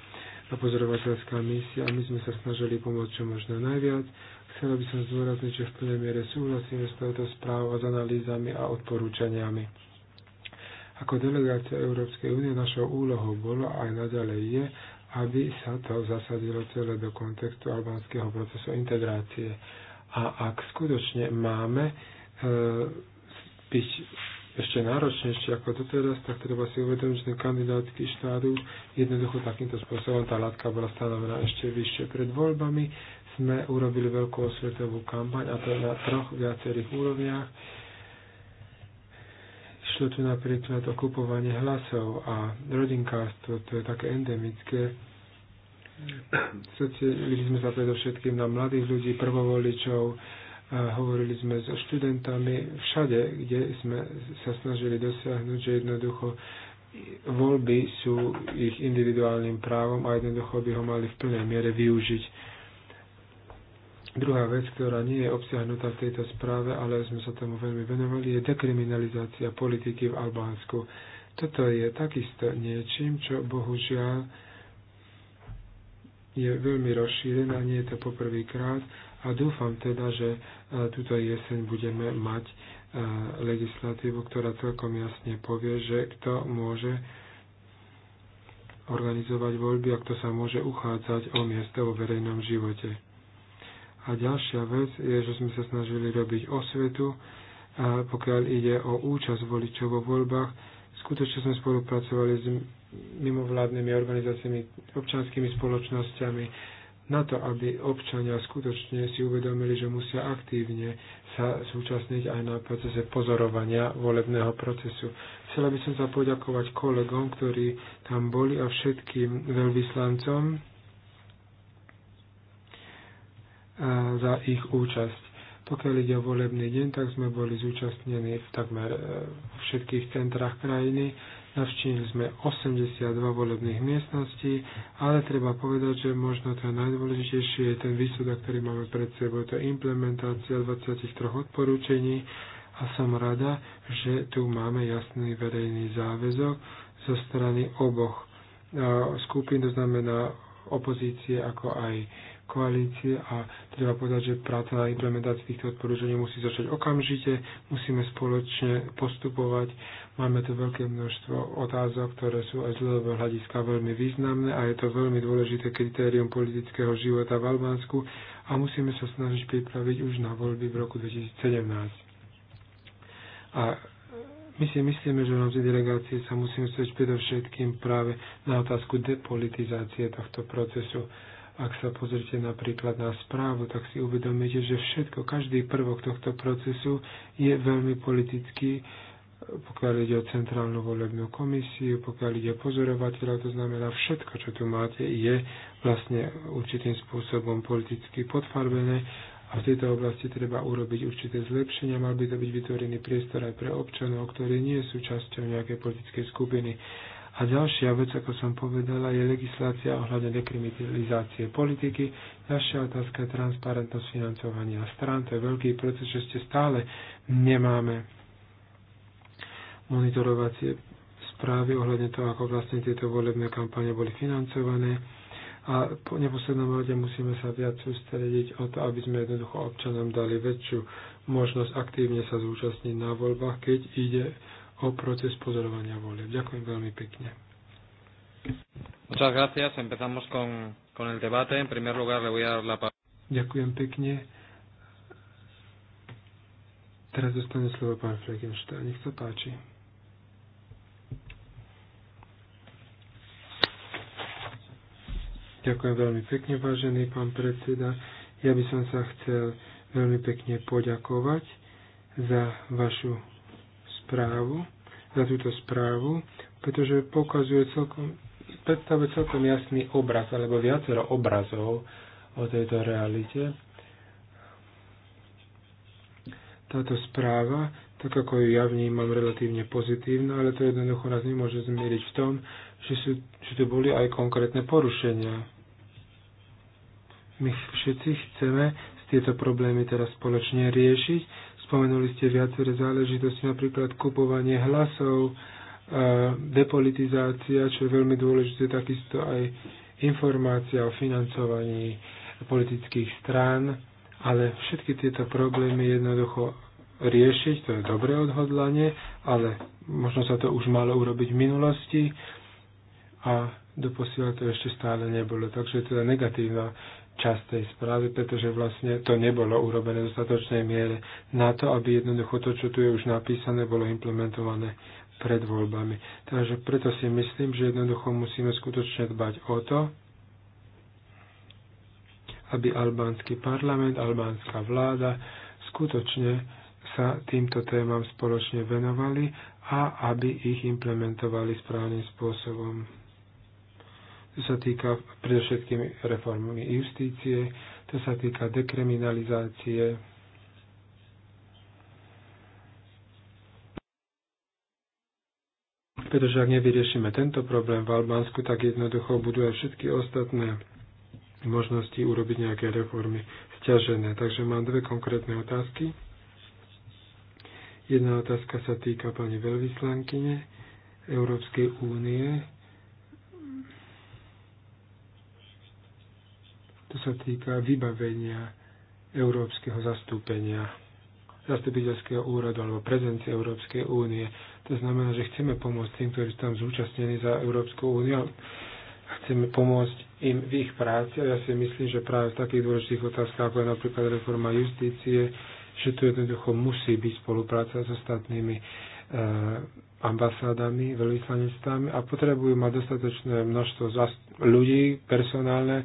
pozorovateľská misia a my sme sa snažili pomôcť čo možno najviac. Chcela by som zdôrazniť, že v plnej miere súhlasíme s touto správou a s analýzami a odporúčaniami. Ako delegácia Európskej únie našou úlohou bolo aj naďalej je, aby sa to zasadilo celé do kontextu albánskeho procesu integrácie. A ak skutočne máme e, byť ešte náročnejšie ako doteraz, tak treba si uvedomiť, že ten kandidátsky už jednoducho takýmto spôsobom tá látka bola stanovená ešte vyššie. Pred voľbami sme urobili veľkú osvetovú kampaň a to na troch viacerých úrovniach Išlo tu napríklad o kupovanie hlasov a rodinkárstvo, to je také endemické. Sociálili sme sa predovšetkým na mladých ľudí, prvovoličov, a hovorili sme so študentami všade, kde sme sa snažili dosiahnuť, že jednoducho voľby sú ich individuálnym právom a jednoducho by ho mali v plnej miere využiť Druhá vec, ktorá nie je obsiahnutá v tejto správe, ale sme sa tomu veľmi venovali, je dekriminalizácia politiky v Albánsku. Toto je takisto niečím, čo bohužiaľ je veľmi rozšírené, a nie je to poprvýkrát a dúfam teda, že e, túto jeseň budeme mať e, legislatívu, ktorá celkom jasne povie, že kto môže organizovať voľby a kto sa môže uchádzať o miesto vo verejnom živote. A ďalšia vec je, že sme sa snažili robiť osvetu, pokiaľ ide o účasť voličov vo voľbách. Skutočne sme spolupracovali s mimovládnymi organizáciami, občanskými spoločnosťami, na to, aby občania skutočne si uvedomili, že musia aktívne sa súčasniť aj na procese pozorovania volebného procesu. Chcela by som sa poďakovať kolegom, ktorí tam boli a všetkým veľvyslancom za ich účasť. Pokiaľ ide o volebný deň, tak sme boli zúčastnení v takmer e, všetkých centrách krajiny. Navštívili sme 82 volebných miestností, ale treba povedať, že možno to najdôležitejší je ten výsledok, ktorý máme pred sebou. To je implementácia 23 odporúčení a som rada, že tu máme jasný verejný záväzok zo strany oboch e, skupín, to znamená opozície ako aj koalície a treba povedať, že práca na implementácii týchto odporúčaní musí začať okamžite, musíme spoločne postupovať. Máme tu veľké množstvo otázok, ktoré sú aj z dlhodobého hľadiska veľmi významné a je to veľmi dôležité kritérium politického života v Albánsku a musíme sa snažiť pripraviť už na voľby v roku 2017. A my si myslíme, že v rámci delegácie sa musíme stať predovšetkým práve na otázku depolitizácie tohto procesu ak sa pozrite napríklad na správu, tak si uvedomíte, že všetko, každý prvok tohto procesu je veľmi politický, pokiaľ ide o centrálnu volebnú komisiu, pokiaľ ide o pozorovateľa, to znamená všetko, čo tu máte, je vlastne určitým spôsobom politicky podfarbené a v tejto oblasti treba urobiť určité zlepšenia. Mal by to byť vytvorený priestor aj pre občanov, ktorí nie sú časťou nejakej politickej skupiny. A ďalšia vec, ako som povedala, je legislácia ohľadne dekriminalizácie politiky. Ďalšia otázka je transparentnosť financovania strán. To je veľký proces, že ste stále nemáme monitorovacie správy ohľadne toho, ako vlastne tieto volebné kampane boli financované. A po neposlednom rade musíme sa viac sústrediť o to, aby sme jednoducho občanom dali väčšiu možnosť aktívne sa zúčastniť na voľbách, keď ide o proces pozorovania volieb. Ďakujem veľmi pekne. Muchas gracias. Empezamos con, con el debate. En primer lugar, le voy a dar la palabra. Ďakujem pekne. Teraz dostane slovo pán Fleckenstein. Nech sa páči. Ďakujem veľmi pekne, vážený pán predseda. Ja by som sa chcel veľmi pekne poďakovať za vašu správu, za túto správu, pretože pokazuje celkom, predstavuje celkom jasný obraz, alebo viacero obrazov o tejto realite. Táto správa, tak ako ju ja vnímam, relatívne pozitívna, ale to jednoducho nás nemôže zmieriť v tom, že, sú, že tu boli aj konkrétne porušenia. My všetci chceme tieto problémy teraz spoločne riešiť, Spomenuli ste viaceré záležitosti, napríklad kupovanie hlasov, e, depolitizácia, čo je veľmi dôležité, takisto aj informácia o financovaní politických strán, ale všetky tieto problémy jednoducho riešiť, to je dobré odhodlanie, ale možno sa to už malo urobiť v minulosti a doposiaľ to ešte stále nebolo. Takže teda negatívna čas tej správy, pretože vlastne to nebolo urobené v dostatočnej miere na to, aby jednoducho to, čo tu je už napísané, bolo implementované pred voľbami. Takže preto si myslím, že jednoducho musíme skutočne dbať o to, aby albánsky parlament, albánska vláda skutočne sa týmto témam spoločne venovali a aby ich implementovali správnym spôsobom. To sa týka predovšetkým reformy justície, to sa týka dekriminalizácie, pretože ak nevyriešime tento problém v Albánsku, tak jednoducho budú aj všetky ostatné možnosti urobiť nejaké reformy stiažené. Takže mám dve konkrétne otázky. Jedna otázka sa týka pani veľvyslankyne Európskej únie to sa týka vybavenia európskeho zastúpenia, zastupiteľského úradu alebo prezencie Európskej únie. To znamená, že chceme pomôcť tým, ktorí sú tam zúčastnení za Európsku úniu, chceme pomôcť im v ich práci a ja si myslím, že práve v takých dôležitých otázkach, ako je napríklad reforma justície, že tu jednoducho musí byť spolupráca s ostatnými e, ambasádami, veľvyslanectvami a potrebujú mať dostatočné množstvo ľudí personálne,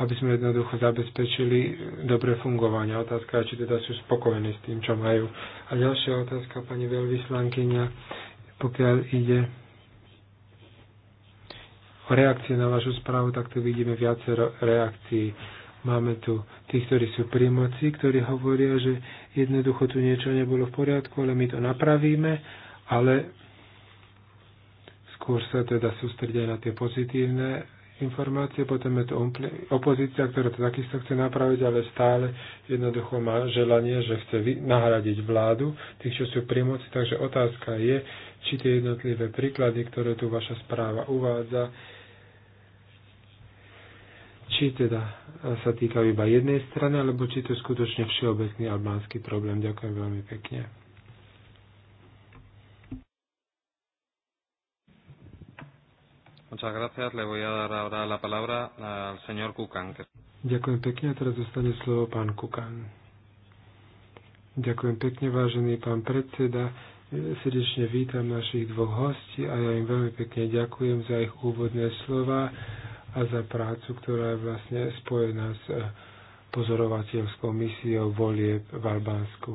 aby sme jednoducho zabezpečili eh, dobre fungovanie. Otázka je, či teda sú spokojení s tým, čo majú. A ďalšia otázka, pani veľvyslankyňa, pokiaľ ide o reakcie na vašu správu, tak tu vidíme viacero reakcií. Máme tu tých, ktorí sú pri moci, ktorí hovoria, že jednoducho tu niečo nebolo v poriadku, ale my to napravíme, ale skôr sa teda sústredia na tie pozitívne informácie, potom je to opozícia, ktorá to takisto chce napraviť, ale stále jednoducho má želanie, že chce nahradiť vládu, tých, čo sú pri moci. Takže otázka je, či tie jednotlivé príklady, ktoré tu vaša správa uvádza, či teda sa týka iba jednej strany, alebo či to je skutočne všeobecný albánsky problém. Ďakujem veľmi pekne. Muchas gracias. Le voy a dar ahora la palabra al señor Kukan. Ďakujem pekne a teraz zostane slovo pán Kukan. Ďakujem pekne, vážený pán predseda. Srdečne vítam našich dvoch hostí a ja im veľmi pekne ďakujem za ich úvodné slova a za prácu, ktorá je vlastne spojená s eh, pozorovateľskou misiou volie v Albánsku.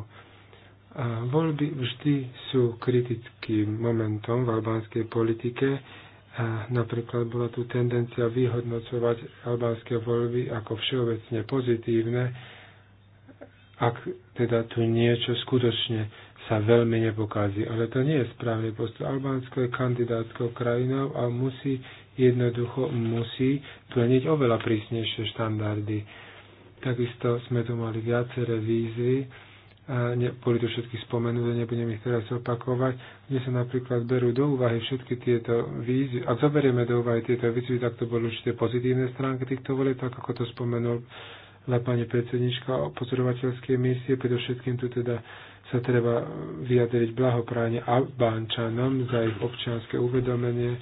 A voľby vždy sú kritickým momentom v albánskej politike Napríklad bola tu tendencia vyhodnocovať albánske voľby ako všeobecne pozitívne, ak teda tu niečo skutočne sa veľmi nepokází. Ale to nie je správny postup. Albánsko je kandidátskou krajinou a musí jednoducho musí plniť oveľa prísnejšie štandardy. Takisto sme tu mali viaceré výzvy, ne, boli to všetky spomenuté, nebudem ich teraz opakovať, kde sa napríklad berú do úvahy všetky tieto výzvy. Ak zoberieme do úvahy tieto výzvy, tak to boli určité pozitívne stránky týchto volieb, tak ako to spomenul na pani predsednička o pozorovateľskej misie, predovšetkým tu teda sa treba vyjadriť blahopráne Albánčanom za ich občianske uvedomenie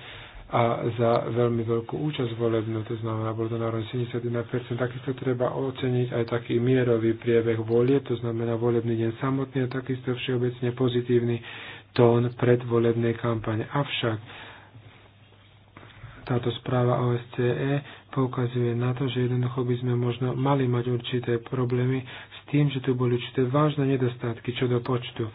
a za veľmi veľkú účasť volebnú, to znamená, bolo to na 71%. Takisto treba oceniť aj taký mierový priebeh volie, to znamená volebný deň samotný a takisto všeobecne pozitívny tón pred volebnej kampane. Avšak táto správa OSCE poukazuje na to, že jednoducho by sme možno mali mať určité problémy s tým, že tu boli určité vážne nedostatky čo do počtu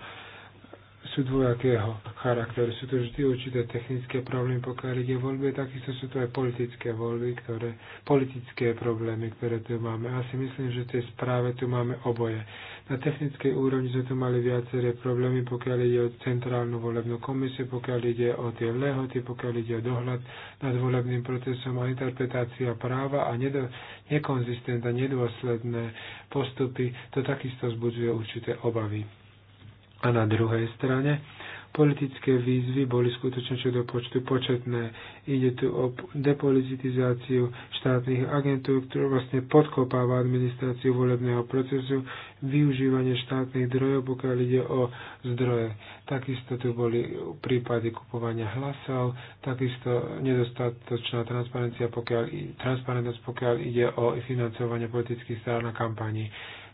sú dvojakého charakteru. Sú to vždy určité technické problémy, pokiaľ ide voľby, takisto sú to aj politické voľby, ktoré, politické problémy, ktoré tu máme. Asi si myslím, že v tej správe tu máme oboje. Na technickej úrovni sme tu mali viaceré problémy, pokiaľ ide o centrálnu volebnú komisiu, pokiaľ ide o tie lehoty, pokiaľ ide o dohľad nad volebným procesom a interpretácia práva a nedo, nekonzistentné, nedôsledné postupy. To takisto zbudzuje určité obavy. A na druhej strane politické výzvy boli skutočne čo do počtu početné. Ide tu o depolitizáciu štátnych agentúr, ktoré vlastne podkopáva administráciu volebného procesu, využívanie štátnych zdrojov, pokiaľ ide o zdroje. Takisto tu boli prípady kupovania hlasov, takisto nedostatočná transparencia, pokiaľ, transparentnosť, pokiaľ ide o financovanie politických strán a kampanii.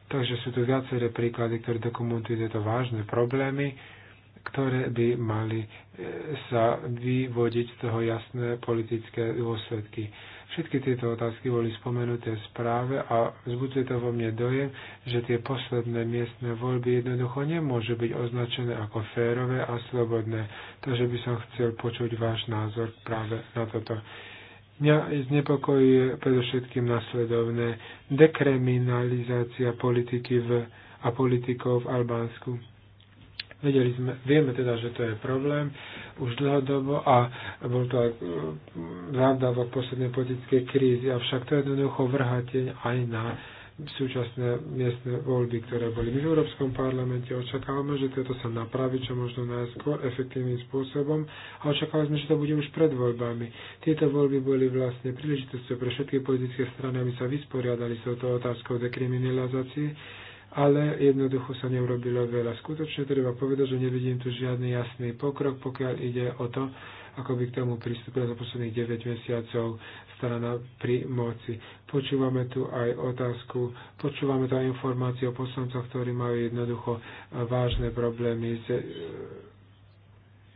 Takže sú tu viaceré príklady, ktoré dokumentujú tieto vážne problémy, ktoré by mali e, sa vyvodiť z toho jasné politické dôsledky. Všetky tieto otázky boli spomenuté v správe a vzbudzuje to vo mne dojem, že tie posledné miestne voľby jednoducho nemôžu byť označené ako férové a slobodné. Takže by som chcel počuť váš názor práve na toto. Mňa znepokojuje predovšetkým nasledovné dekriminalizácia politiky v, a politikov v Albánsku. Vedeli sme, vieme teda, že to je problém už dlhodobo a bol to aj závdavok poslednej politickej krízy, avšak to jednoducho vrhateň aj na súčasné miestne voľby, ktoré boli. My v Európskom parlamente očakávame, že toto sa napraví čo možno najskôr efektívnym spôsobom a očakávali sme, že to bude už pred voľbami. Tieto voľby boli vlastne príležitosťou pre všetky politické strany, aby sa vysporiadali s touto otázkou dekriminalizácie, ale jednoducho sa neurobilo veľa. Skutočne treba povedať, že nevidím tu žiadny jasný pokrok, pokiaľ ide o to, ako by k tomu pristúpila za posledných 9 mesiacov strana pri moci. Počúvame tu aj otázku, počúvame tu aj informácie o poslancoch, ktorí majú jednoducho vážne problémy s e,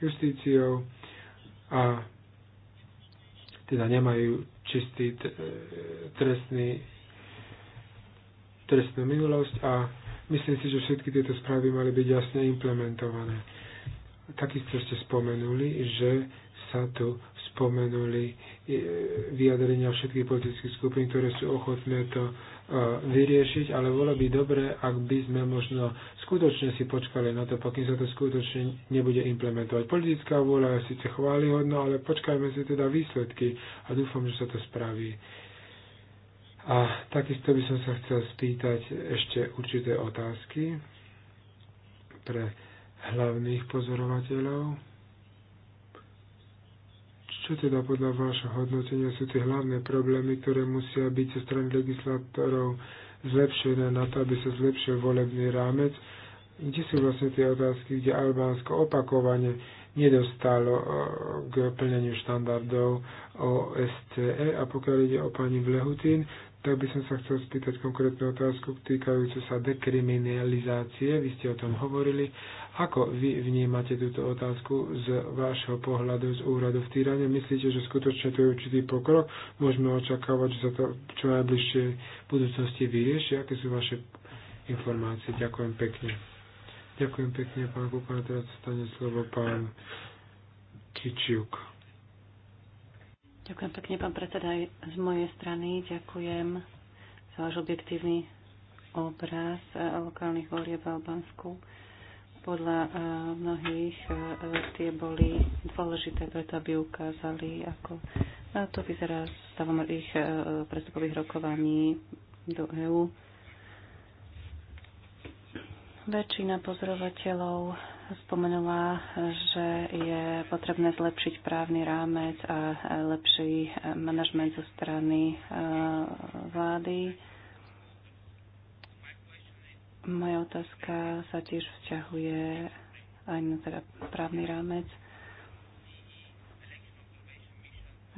justíciou a teda nemajú čistý e, trestný trestnú minulosť a myslím si, že všetky tieto správy mali byť jasne implementované. Takisto ste spomenuli, že sa tu spomenuli e, vyjadrenia všetkých politických skupín, ktoré sú ochotné to e, vyriešiť, ale bolo by dobré, ak by sme možno skutočne si počkali na to, pokým sa to skutočne nebude implementovať. Politická vôľa je síce chválihodná, ale počkajme si teda výsledky a dúfam, že sa to spraví. A takisto by som sa chcel spýtať ešte určité otázky pre hlavných pozorovateľov. Čo teda podľa vášho hodnotenia sú tie hlavné problémy, ktoré musia byť zo strany legislatorov zlepšené na to, aby sa zlepšil volebný rámec? Kde sú vlastne tie otázky, kde Albánsko opakovane nedostalo e, k plneniu štandardov OSCE a pokiaľ ide o pani Vlehutín, tak by som sa chcel spýtať konkrétnu otázku týkajúcu sa dekriminalizácie. Vy ste o tom hovorili. Ako vy vnímate túto otázku z vášho pohľadu z úradu v Týrane? Myslíte, že skutočne to je určitý pokrok? Môžeme očakávať, že sa to čo najbližšie v budúcnosti vyrieši? Aké sú vaše informácie? Ďakujem pekne. Ďakujem pekne, pán Kupan. Teraz stane slovo pán Kičiuk. Ďakujem pekne, pán predseda. Aj z mojej strany ďakujem za váš objektívny obraz eh, lokálnych volieb v Albánsku. Podľa eh, mnohých eh, tie boli dôležité preto, aby ukázali, ako to vyzerá stavom ich prestupových rokovaní do EÚ. Väčšina pozorovateľov spomenula, že je potrebné zlepšiť právny rámec a lepší manažment zo strany eh, vlády. Moja otázka sa tiež vzťahuje aj na teda právny rámec.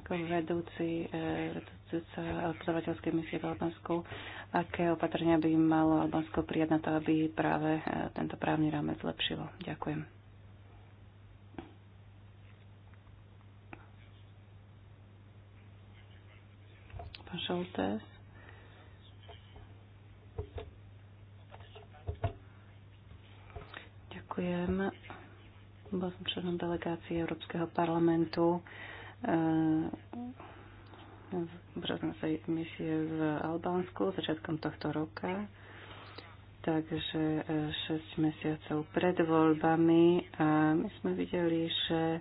Ako vedúci, eh, vedúci sa eh, pozorovateľskej misie v Albánsku aké opatrenia by malo Albánsko prijať na to, aby práve e, tento právny rámec zlepšilo. Ďakujem. Pán Šoltes. Ďakujem. Bol som členom delegácie Európskeho parlamentu e, sa misie v Albánsku začiatkom tohto roka. Takže 6 e, mesiacov pred voľbami a my sme videli, že e,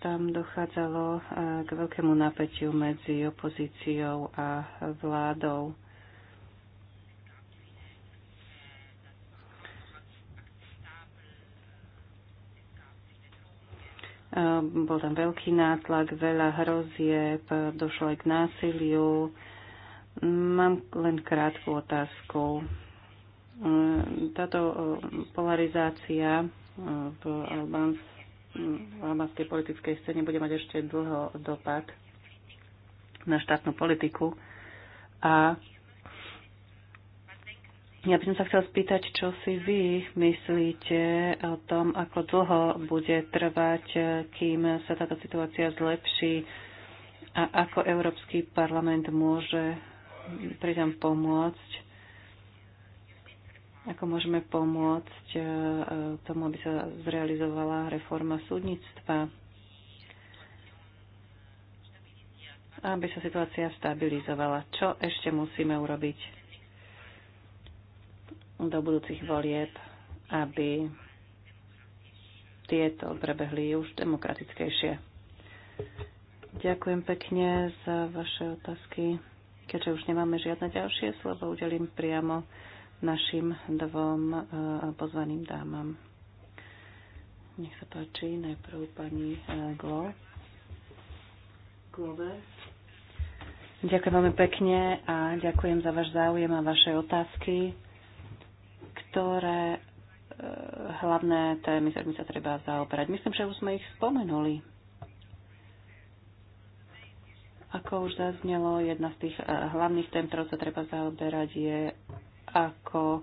tam dochádzalo e, k veľkému napätiu medzi opozíciou a vládou. Ehm, bol tam veľký nátlak, veľa hrozieb, došlo aj k násiliu. Mám len krátku otázku. Ehm, táto ehm, polarizácia v albánskej politickej scéne bude mať ešte dlho dopad na štátnu politiku a ja by som sa chcel spýtať, čo si vy myslíte o tom, ako dlho bude trvať, kým sa táto situácia zlepší a ako Európsky parlament môže pri tom pomôcť, ako môžeme pomôcť e, tomu, aby sa zrealizovala reforma súdnictva, aby sa situácia stabilizovala. Čo ešte musíme urobiť? do budúcich volieb, aby tieto prebehli už demokratickejšie. Ďakujem pekne za vaše otázky. Keďže už nemáme žiadne ďalšie, slovo udelím priamo našim dvom e, pozvaným dámam. Nech sa páči, najprv pani e, Glo. Glover. Ďakujem veľmi pekne a ďakujem za váš záujem a vaše otázky ktoré e, hlavné témy, ktorými sa treba zaoberať. Myslím, že už sme ich spomenuli. Ako už zaznelo, jedna z tých e, hlavných tém, ktorou sa treba zaoberať, je ako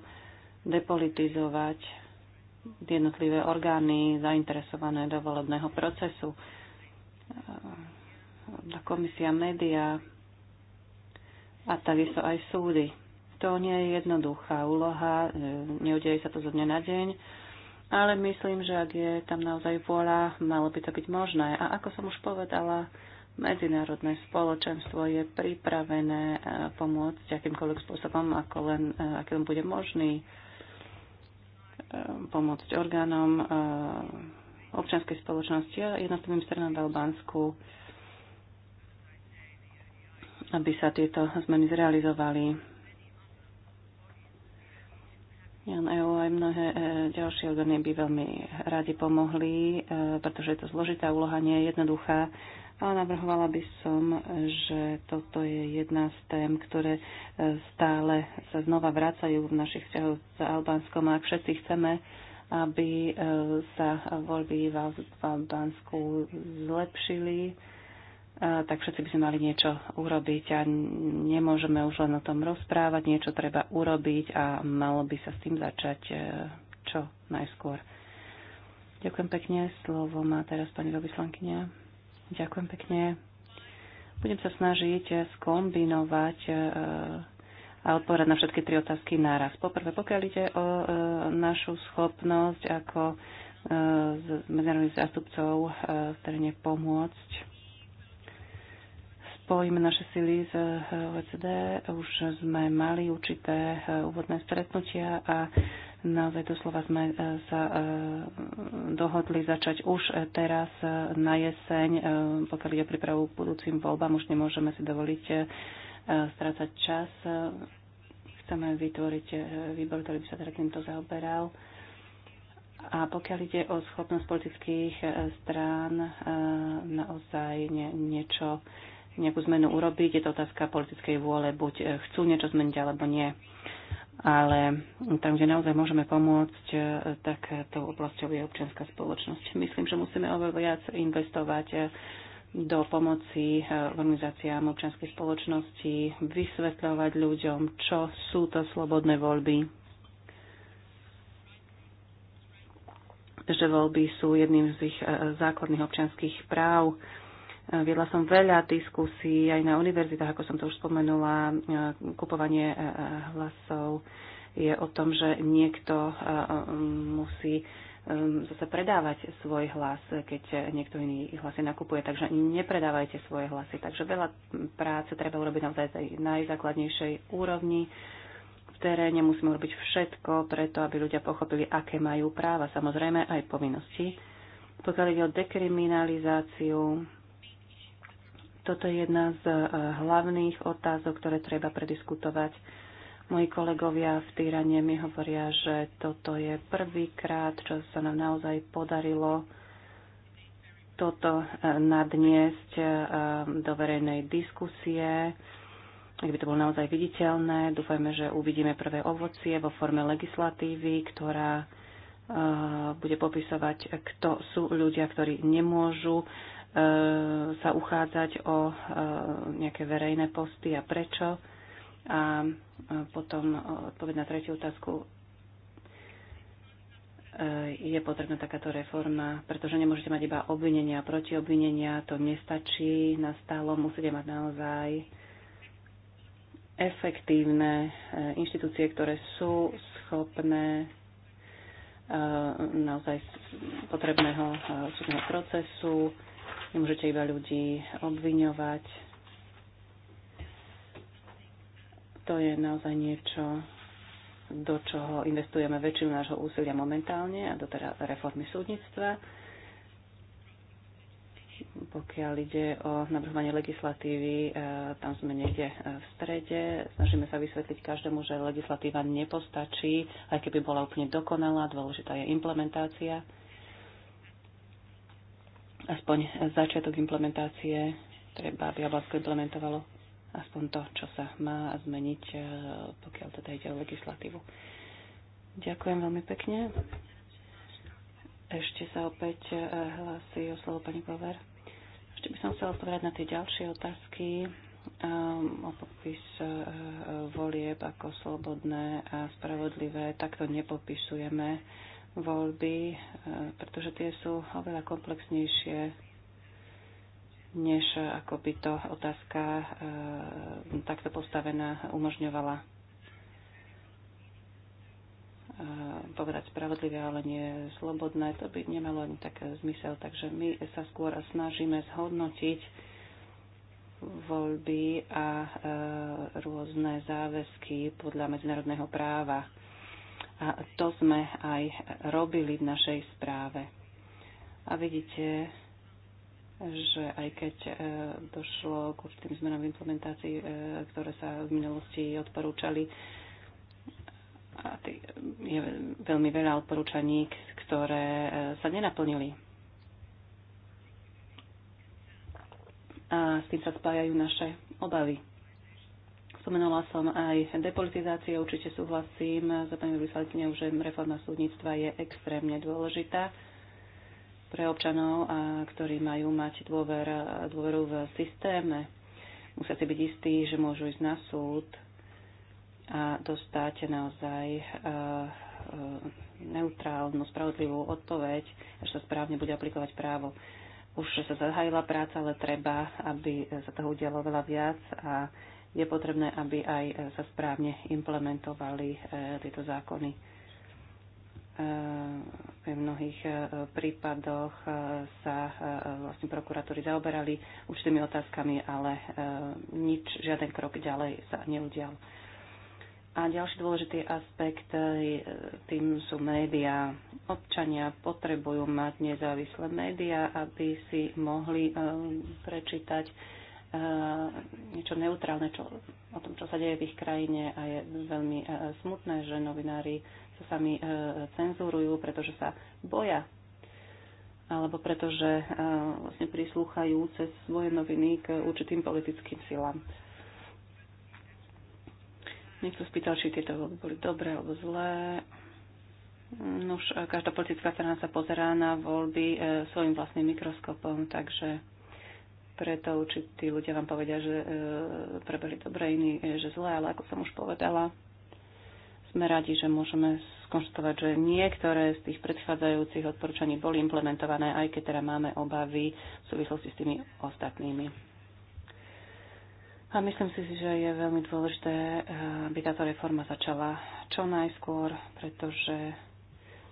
depolitizovať jednotlivé orgány zainteresované do volebného procesu. E, komisia média a takisto aj súdy. To nie je jednoduchá úloha, e, neudeje sa to zo dňa na deň, ale myslím, že ak je tam naozaj vôľa, malo by to byť možné. A ako som už povedala, medzinárodné spoločenstvo je pripravené e, pomôcť akýmkoľvek spôsobom, ako len, e, aký len bude možný, pomôcť orgánom občianskej spoločnosti a jednotlivým stranám v Albánsku, aby sa tieto zmeny zrealizovali. Jan EU aj mnohé e, ďalšie organy by veľmi radi pomohli, e, pretože je to zložitá úloha, nie je jednoduchá. Ale navrhovala by som, že toto je jedna z tém, ktoré e, stále sa znova vracajú v našich vzťahoch s Albánskom a ak všetci chceme, aby sa voľby v Albánsku zlepšili, tak všetci by sme mali niečo urobiť a nemôžeme už len o tom rozprávať, niečo treba urobiť a malo by sa s tým začať e, čo najskôr. Ďakujem pekne, slovo má teraz pani veľvyslankyňa. Ďakujem pekne. Budem sa snažiť e, skombinovať e, a odpovedať na všetky tri otázky naraz. Poprvé, pokiaľ ide o našu schopnosť ako medzinárodných zástupcov v teréne pomôcť spojíme naše sily z eh, OECD. Už sme mali určité eh, úvodné stretnutia a naozaj doslova sme eh, sa dohodli začať už teraz na jeseň. Pokiaľ ide o prípravu k budúcim voľbám, už nemôžeme si dovoliť strácať čas. Chceme vytvoriť výbor, ktorý by sa teda týmto zaoberal. A pokiaľ ide o schopnosť politických strán, naozaj niečo nejakú zmenu urobiť. Je to otázka politickej vôle, buď e, chcú niečo zmeniť alebo nie. Ale tam, kde naozaj môžeme pomôcť, e, tak tou oblasťou je občianská spoločnosť. Myslím, že musíme oveľa viac investovať e, do pomoci organizáciám občianskej spoločnosti, vysvetľovať ľuďom, čo sú to slobodné voľby, že voľby sú jedným z ich základných občianských práv Eh, viedla som veľa diskusí aj na univerzitách, ako som to už spomenula. Eh, kupovanie eh, hlasov je o tom, že niekto musí zase predávať svoj hlas, keď niekto iný hlasy nakupuje. Takže nepredávajte svoje hlasy. Takže veľa práce treba urobiť naozaj tej najzákladnejšej úrovni v teréne. Musíme urobiť všetko preto, aby ľudia pochopili, aké majú práva, samozrejme aj povinnosti. Pokiaľ ide o dekriminalizáciu, toto je jedna z e, hlavných otázok, ktoré treba prediskutovať. Moji kolegovia v Týrane mi hovoria, že toto je prvýkrát, čo sa nám naozaj podarilo toto e, nadniesť e, do verejnej diskusie, ak by to bolo naozaj viditeľné. Dúfajme, že uvidíme prvé ovocie vo forme legislatívy, ktorá bude popisovať, kto sú ľudia, ktorí nemôžu E, sa uchádzať o e, nejaké verejné posty a prečo. A e, potom odpoveď na tretiu otázku. Je potrebná takáto reforma, pretože nemôžete mať iba obvinenia a protiobvinenia, to nestačí na stálo, musíte mať naozaj efektívne inštitúcie, ktoré sú schopné naozaj potrebného súdneho procesu, Nemôžete iba ľudí obviňovať. To je naozaj niečo, do čoho investujeme väčšinu nášho úsilia momentálne a do teda reformy súdnictva. Pokiaľ ide o navrhovanie legislatívy, e, tam sme niekde e, v strede. Snažíme sa vysvetliť každému, že legislatíva nepostačí, aj keby bola úplne dokonalá, dôležitá je implementácia aspoň začiatok implementácie, treba, aby Jablonsko implementovalo aspoň to, čo sa má zmeniť, e, pokiaľ teda ide o legislatívu. Ďakujem veľmi pekne. Ešte sa opäť e, hlási o slovo pani Pover. Ešte by som chcela odpovedať na tie ďalšie otázky um, o popis uh, volieb ako slobodné a spravodlivé. Takto nepopisujeme voľby, e, pretože tie sú oveľa komplexnejšie než e, ako by to otázka e, takto postavená umožňovala povedať spravodlivé, ale nie slobodné. To by nemalo ani tak zmysel. Takže my sa skôr snažíme zhodnotiť voľby a e, rôzne záväzky podľa medzinárodného práva a to sme aj robili v našej správe. A vidíte, že aj keď e, došlo k určitým zmenám v implementácii, e, ktoré sa v minulosti odporúčali, a tý, je veľmi veľa odporúčaní, ktoré e, sa nenaplnili. A s tým sa spájajú naše obavy. Spomenula som aj depolitizácie, určite súhlasím s pani vyslankyňou, že reforma súdnictva je extrémne dôležitá pre občanov, a ktorí majú mať dôver, dôveru v systéme. Musia si byť istí, že môžu ísť na súd a dostať naozaj eh, eh, neutrálnu, spravodlivú odpoveď, že sa správne bude aplikovať právo už sa zahájila práca, ale treba, aby sa toho udialo veľa viac a je potrebné, aby aj e, sa správne implementovali e, tieto zákony. E, v mnohých prípadoch sa vlastne prokurátori zaoberali určitými otázkami, ale nič, žiaden krok ďalej sa neudial. A ďalší dôležitý aspekt, tým sú médiá. Občania potrebujú mať nezávislé médiá, aby si mohli prečítať E, niečo neutrálne čo, o tom, čo sa deje v ich krajine a je veľmi e, smutné, že novinári sa sami e, cenzurujú, pretože sa boja alebo pretože vlastne prislúchajú cez svoje noviny k určitým politickým silám. Niekto spýtal, či tieto voľby boli dobré alebo zlé. No už každá politická strana sa pozerá na voľby svojim vlastným mikroskopom, takže preto určití ľudia vám povedia, že e, prebehli dobre, iní, e, že zle, ale ako som už povedala, sme radi, že môžeme skonštatovať, že niektoré z tých predchádzajúcich odporúčaní boli implementované, aj keď teda máme obavy v súvislosti s tými ostatnými. A myslím si, že je veľmi dôležité, e, aby táto reforma začala čo najskôr, pretože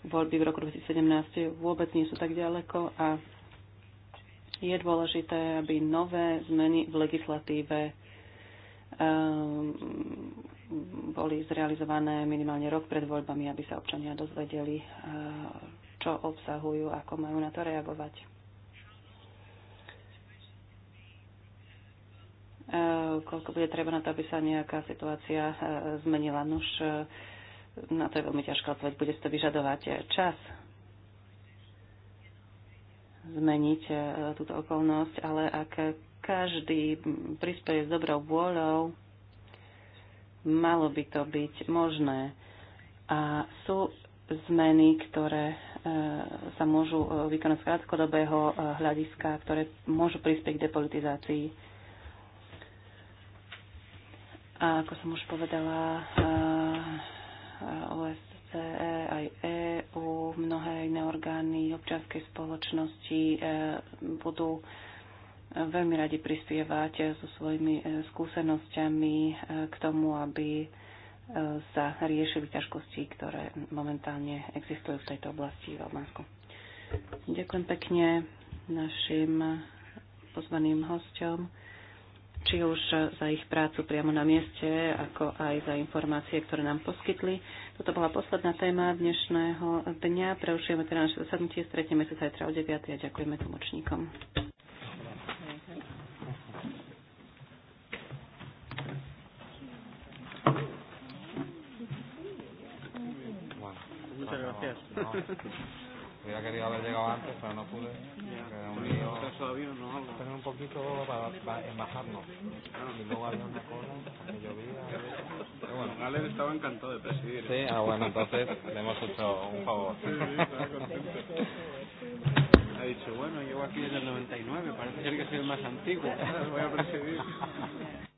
voľby v roku 2017 vôbec nie sú tak ďaleko a je dôležité, aby nové zmeny v legislatíve ehm, boli zrealizované minimálne rok pred voľbami, aby sa občania dozvedeli, eh, čo obsahujú, ako majú na to reagovať. Ehm, koľko bude treba na to, aby sa nejaká situácia eh, zmenila? Nuž, eh, na to je veľmi ťažká odpoveď. Bude to vyžadovať čas zmeniť e, túto okolnosť, ale ak každý prispieje s dobrou vôľou, malo by to byť možné. A sú zmeny, ktoré e, sa môžu e, vykonať z krátkodobého hľadiska, ktoré môžu prispieť k depolitizácii. A ako som už povedala, OSCE aj E EÚ, mnohé iné orgány občianskej spoločnosti e, budú e, veľmi radi prispievať e, so svojimi skúsenosťami k tomu, aby sa riešili ťažkosti, ktoré momentálne existujú v tejto oblasti v Albánsku. Ďakujem pekne našim pozvaným hostom, či už za ich prácu priamo na mieste, ako aj za informácie, ktoré nám poskytli. Toto bola posledná téma dnešného dňa. Preušujeme teda naše zasadnutie, stretneme sa zajtra o 9. a ďakujeme tlmočníkom. Thank you. Hubiera querido haber llegado antes, pero no pude. Yeah. un lío. Tener no, no. un poquito para, para embajarnos. Y luego había una cola que llovía. Pero bueno. Galen estaba encantado de presidir. Sí, ¿eh? ah, bueno, entonces le hemos hecho un favor. Sí, sí, ha dicho, bueno, llevo aquí desde el 99, parece ser que soy el más antiguo. Voy a presidir.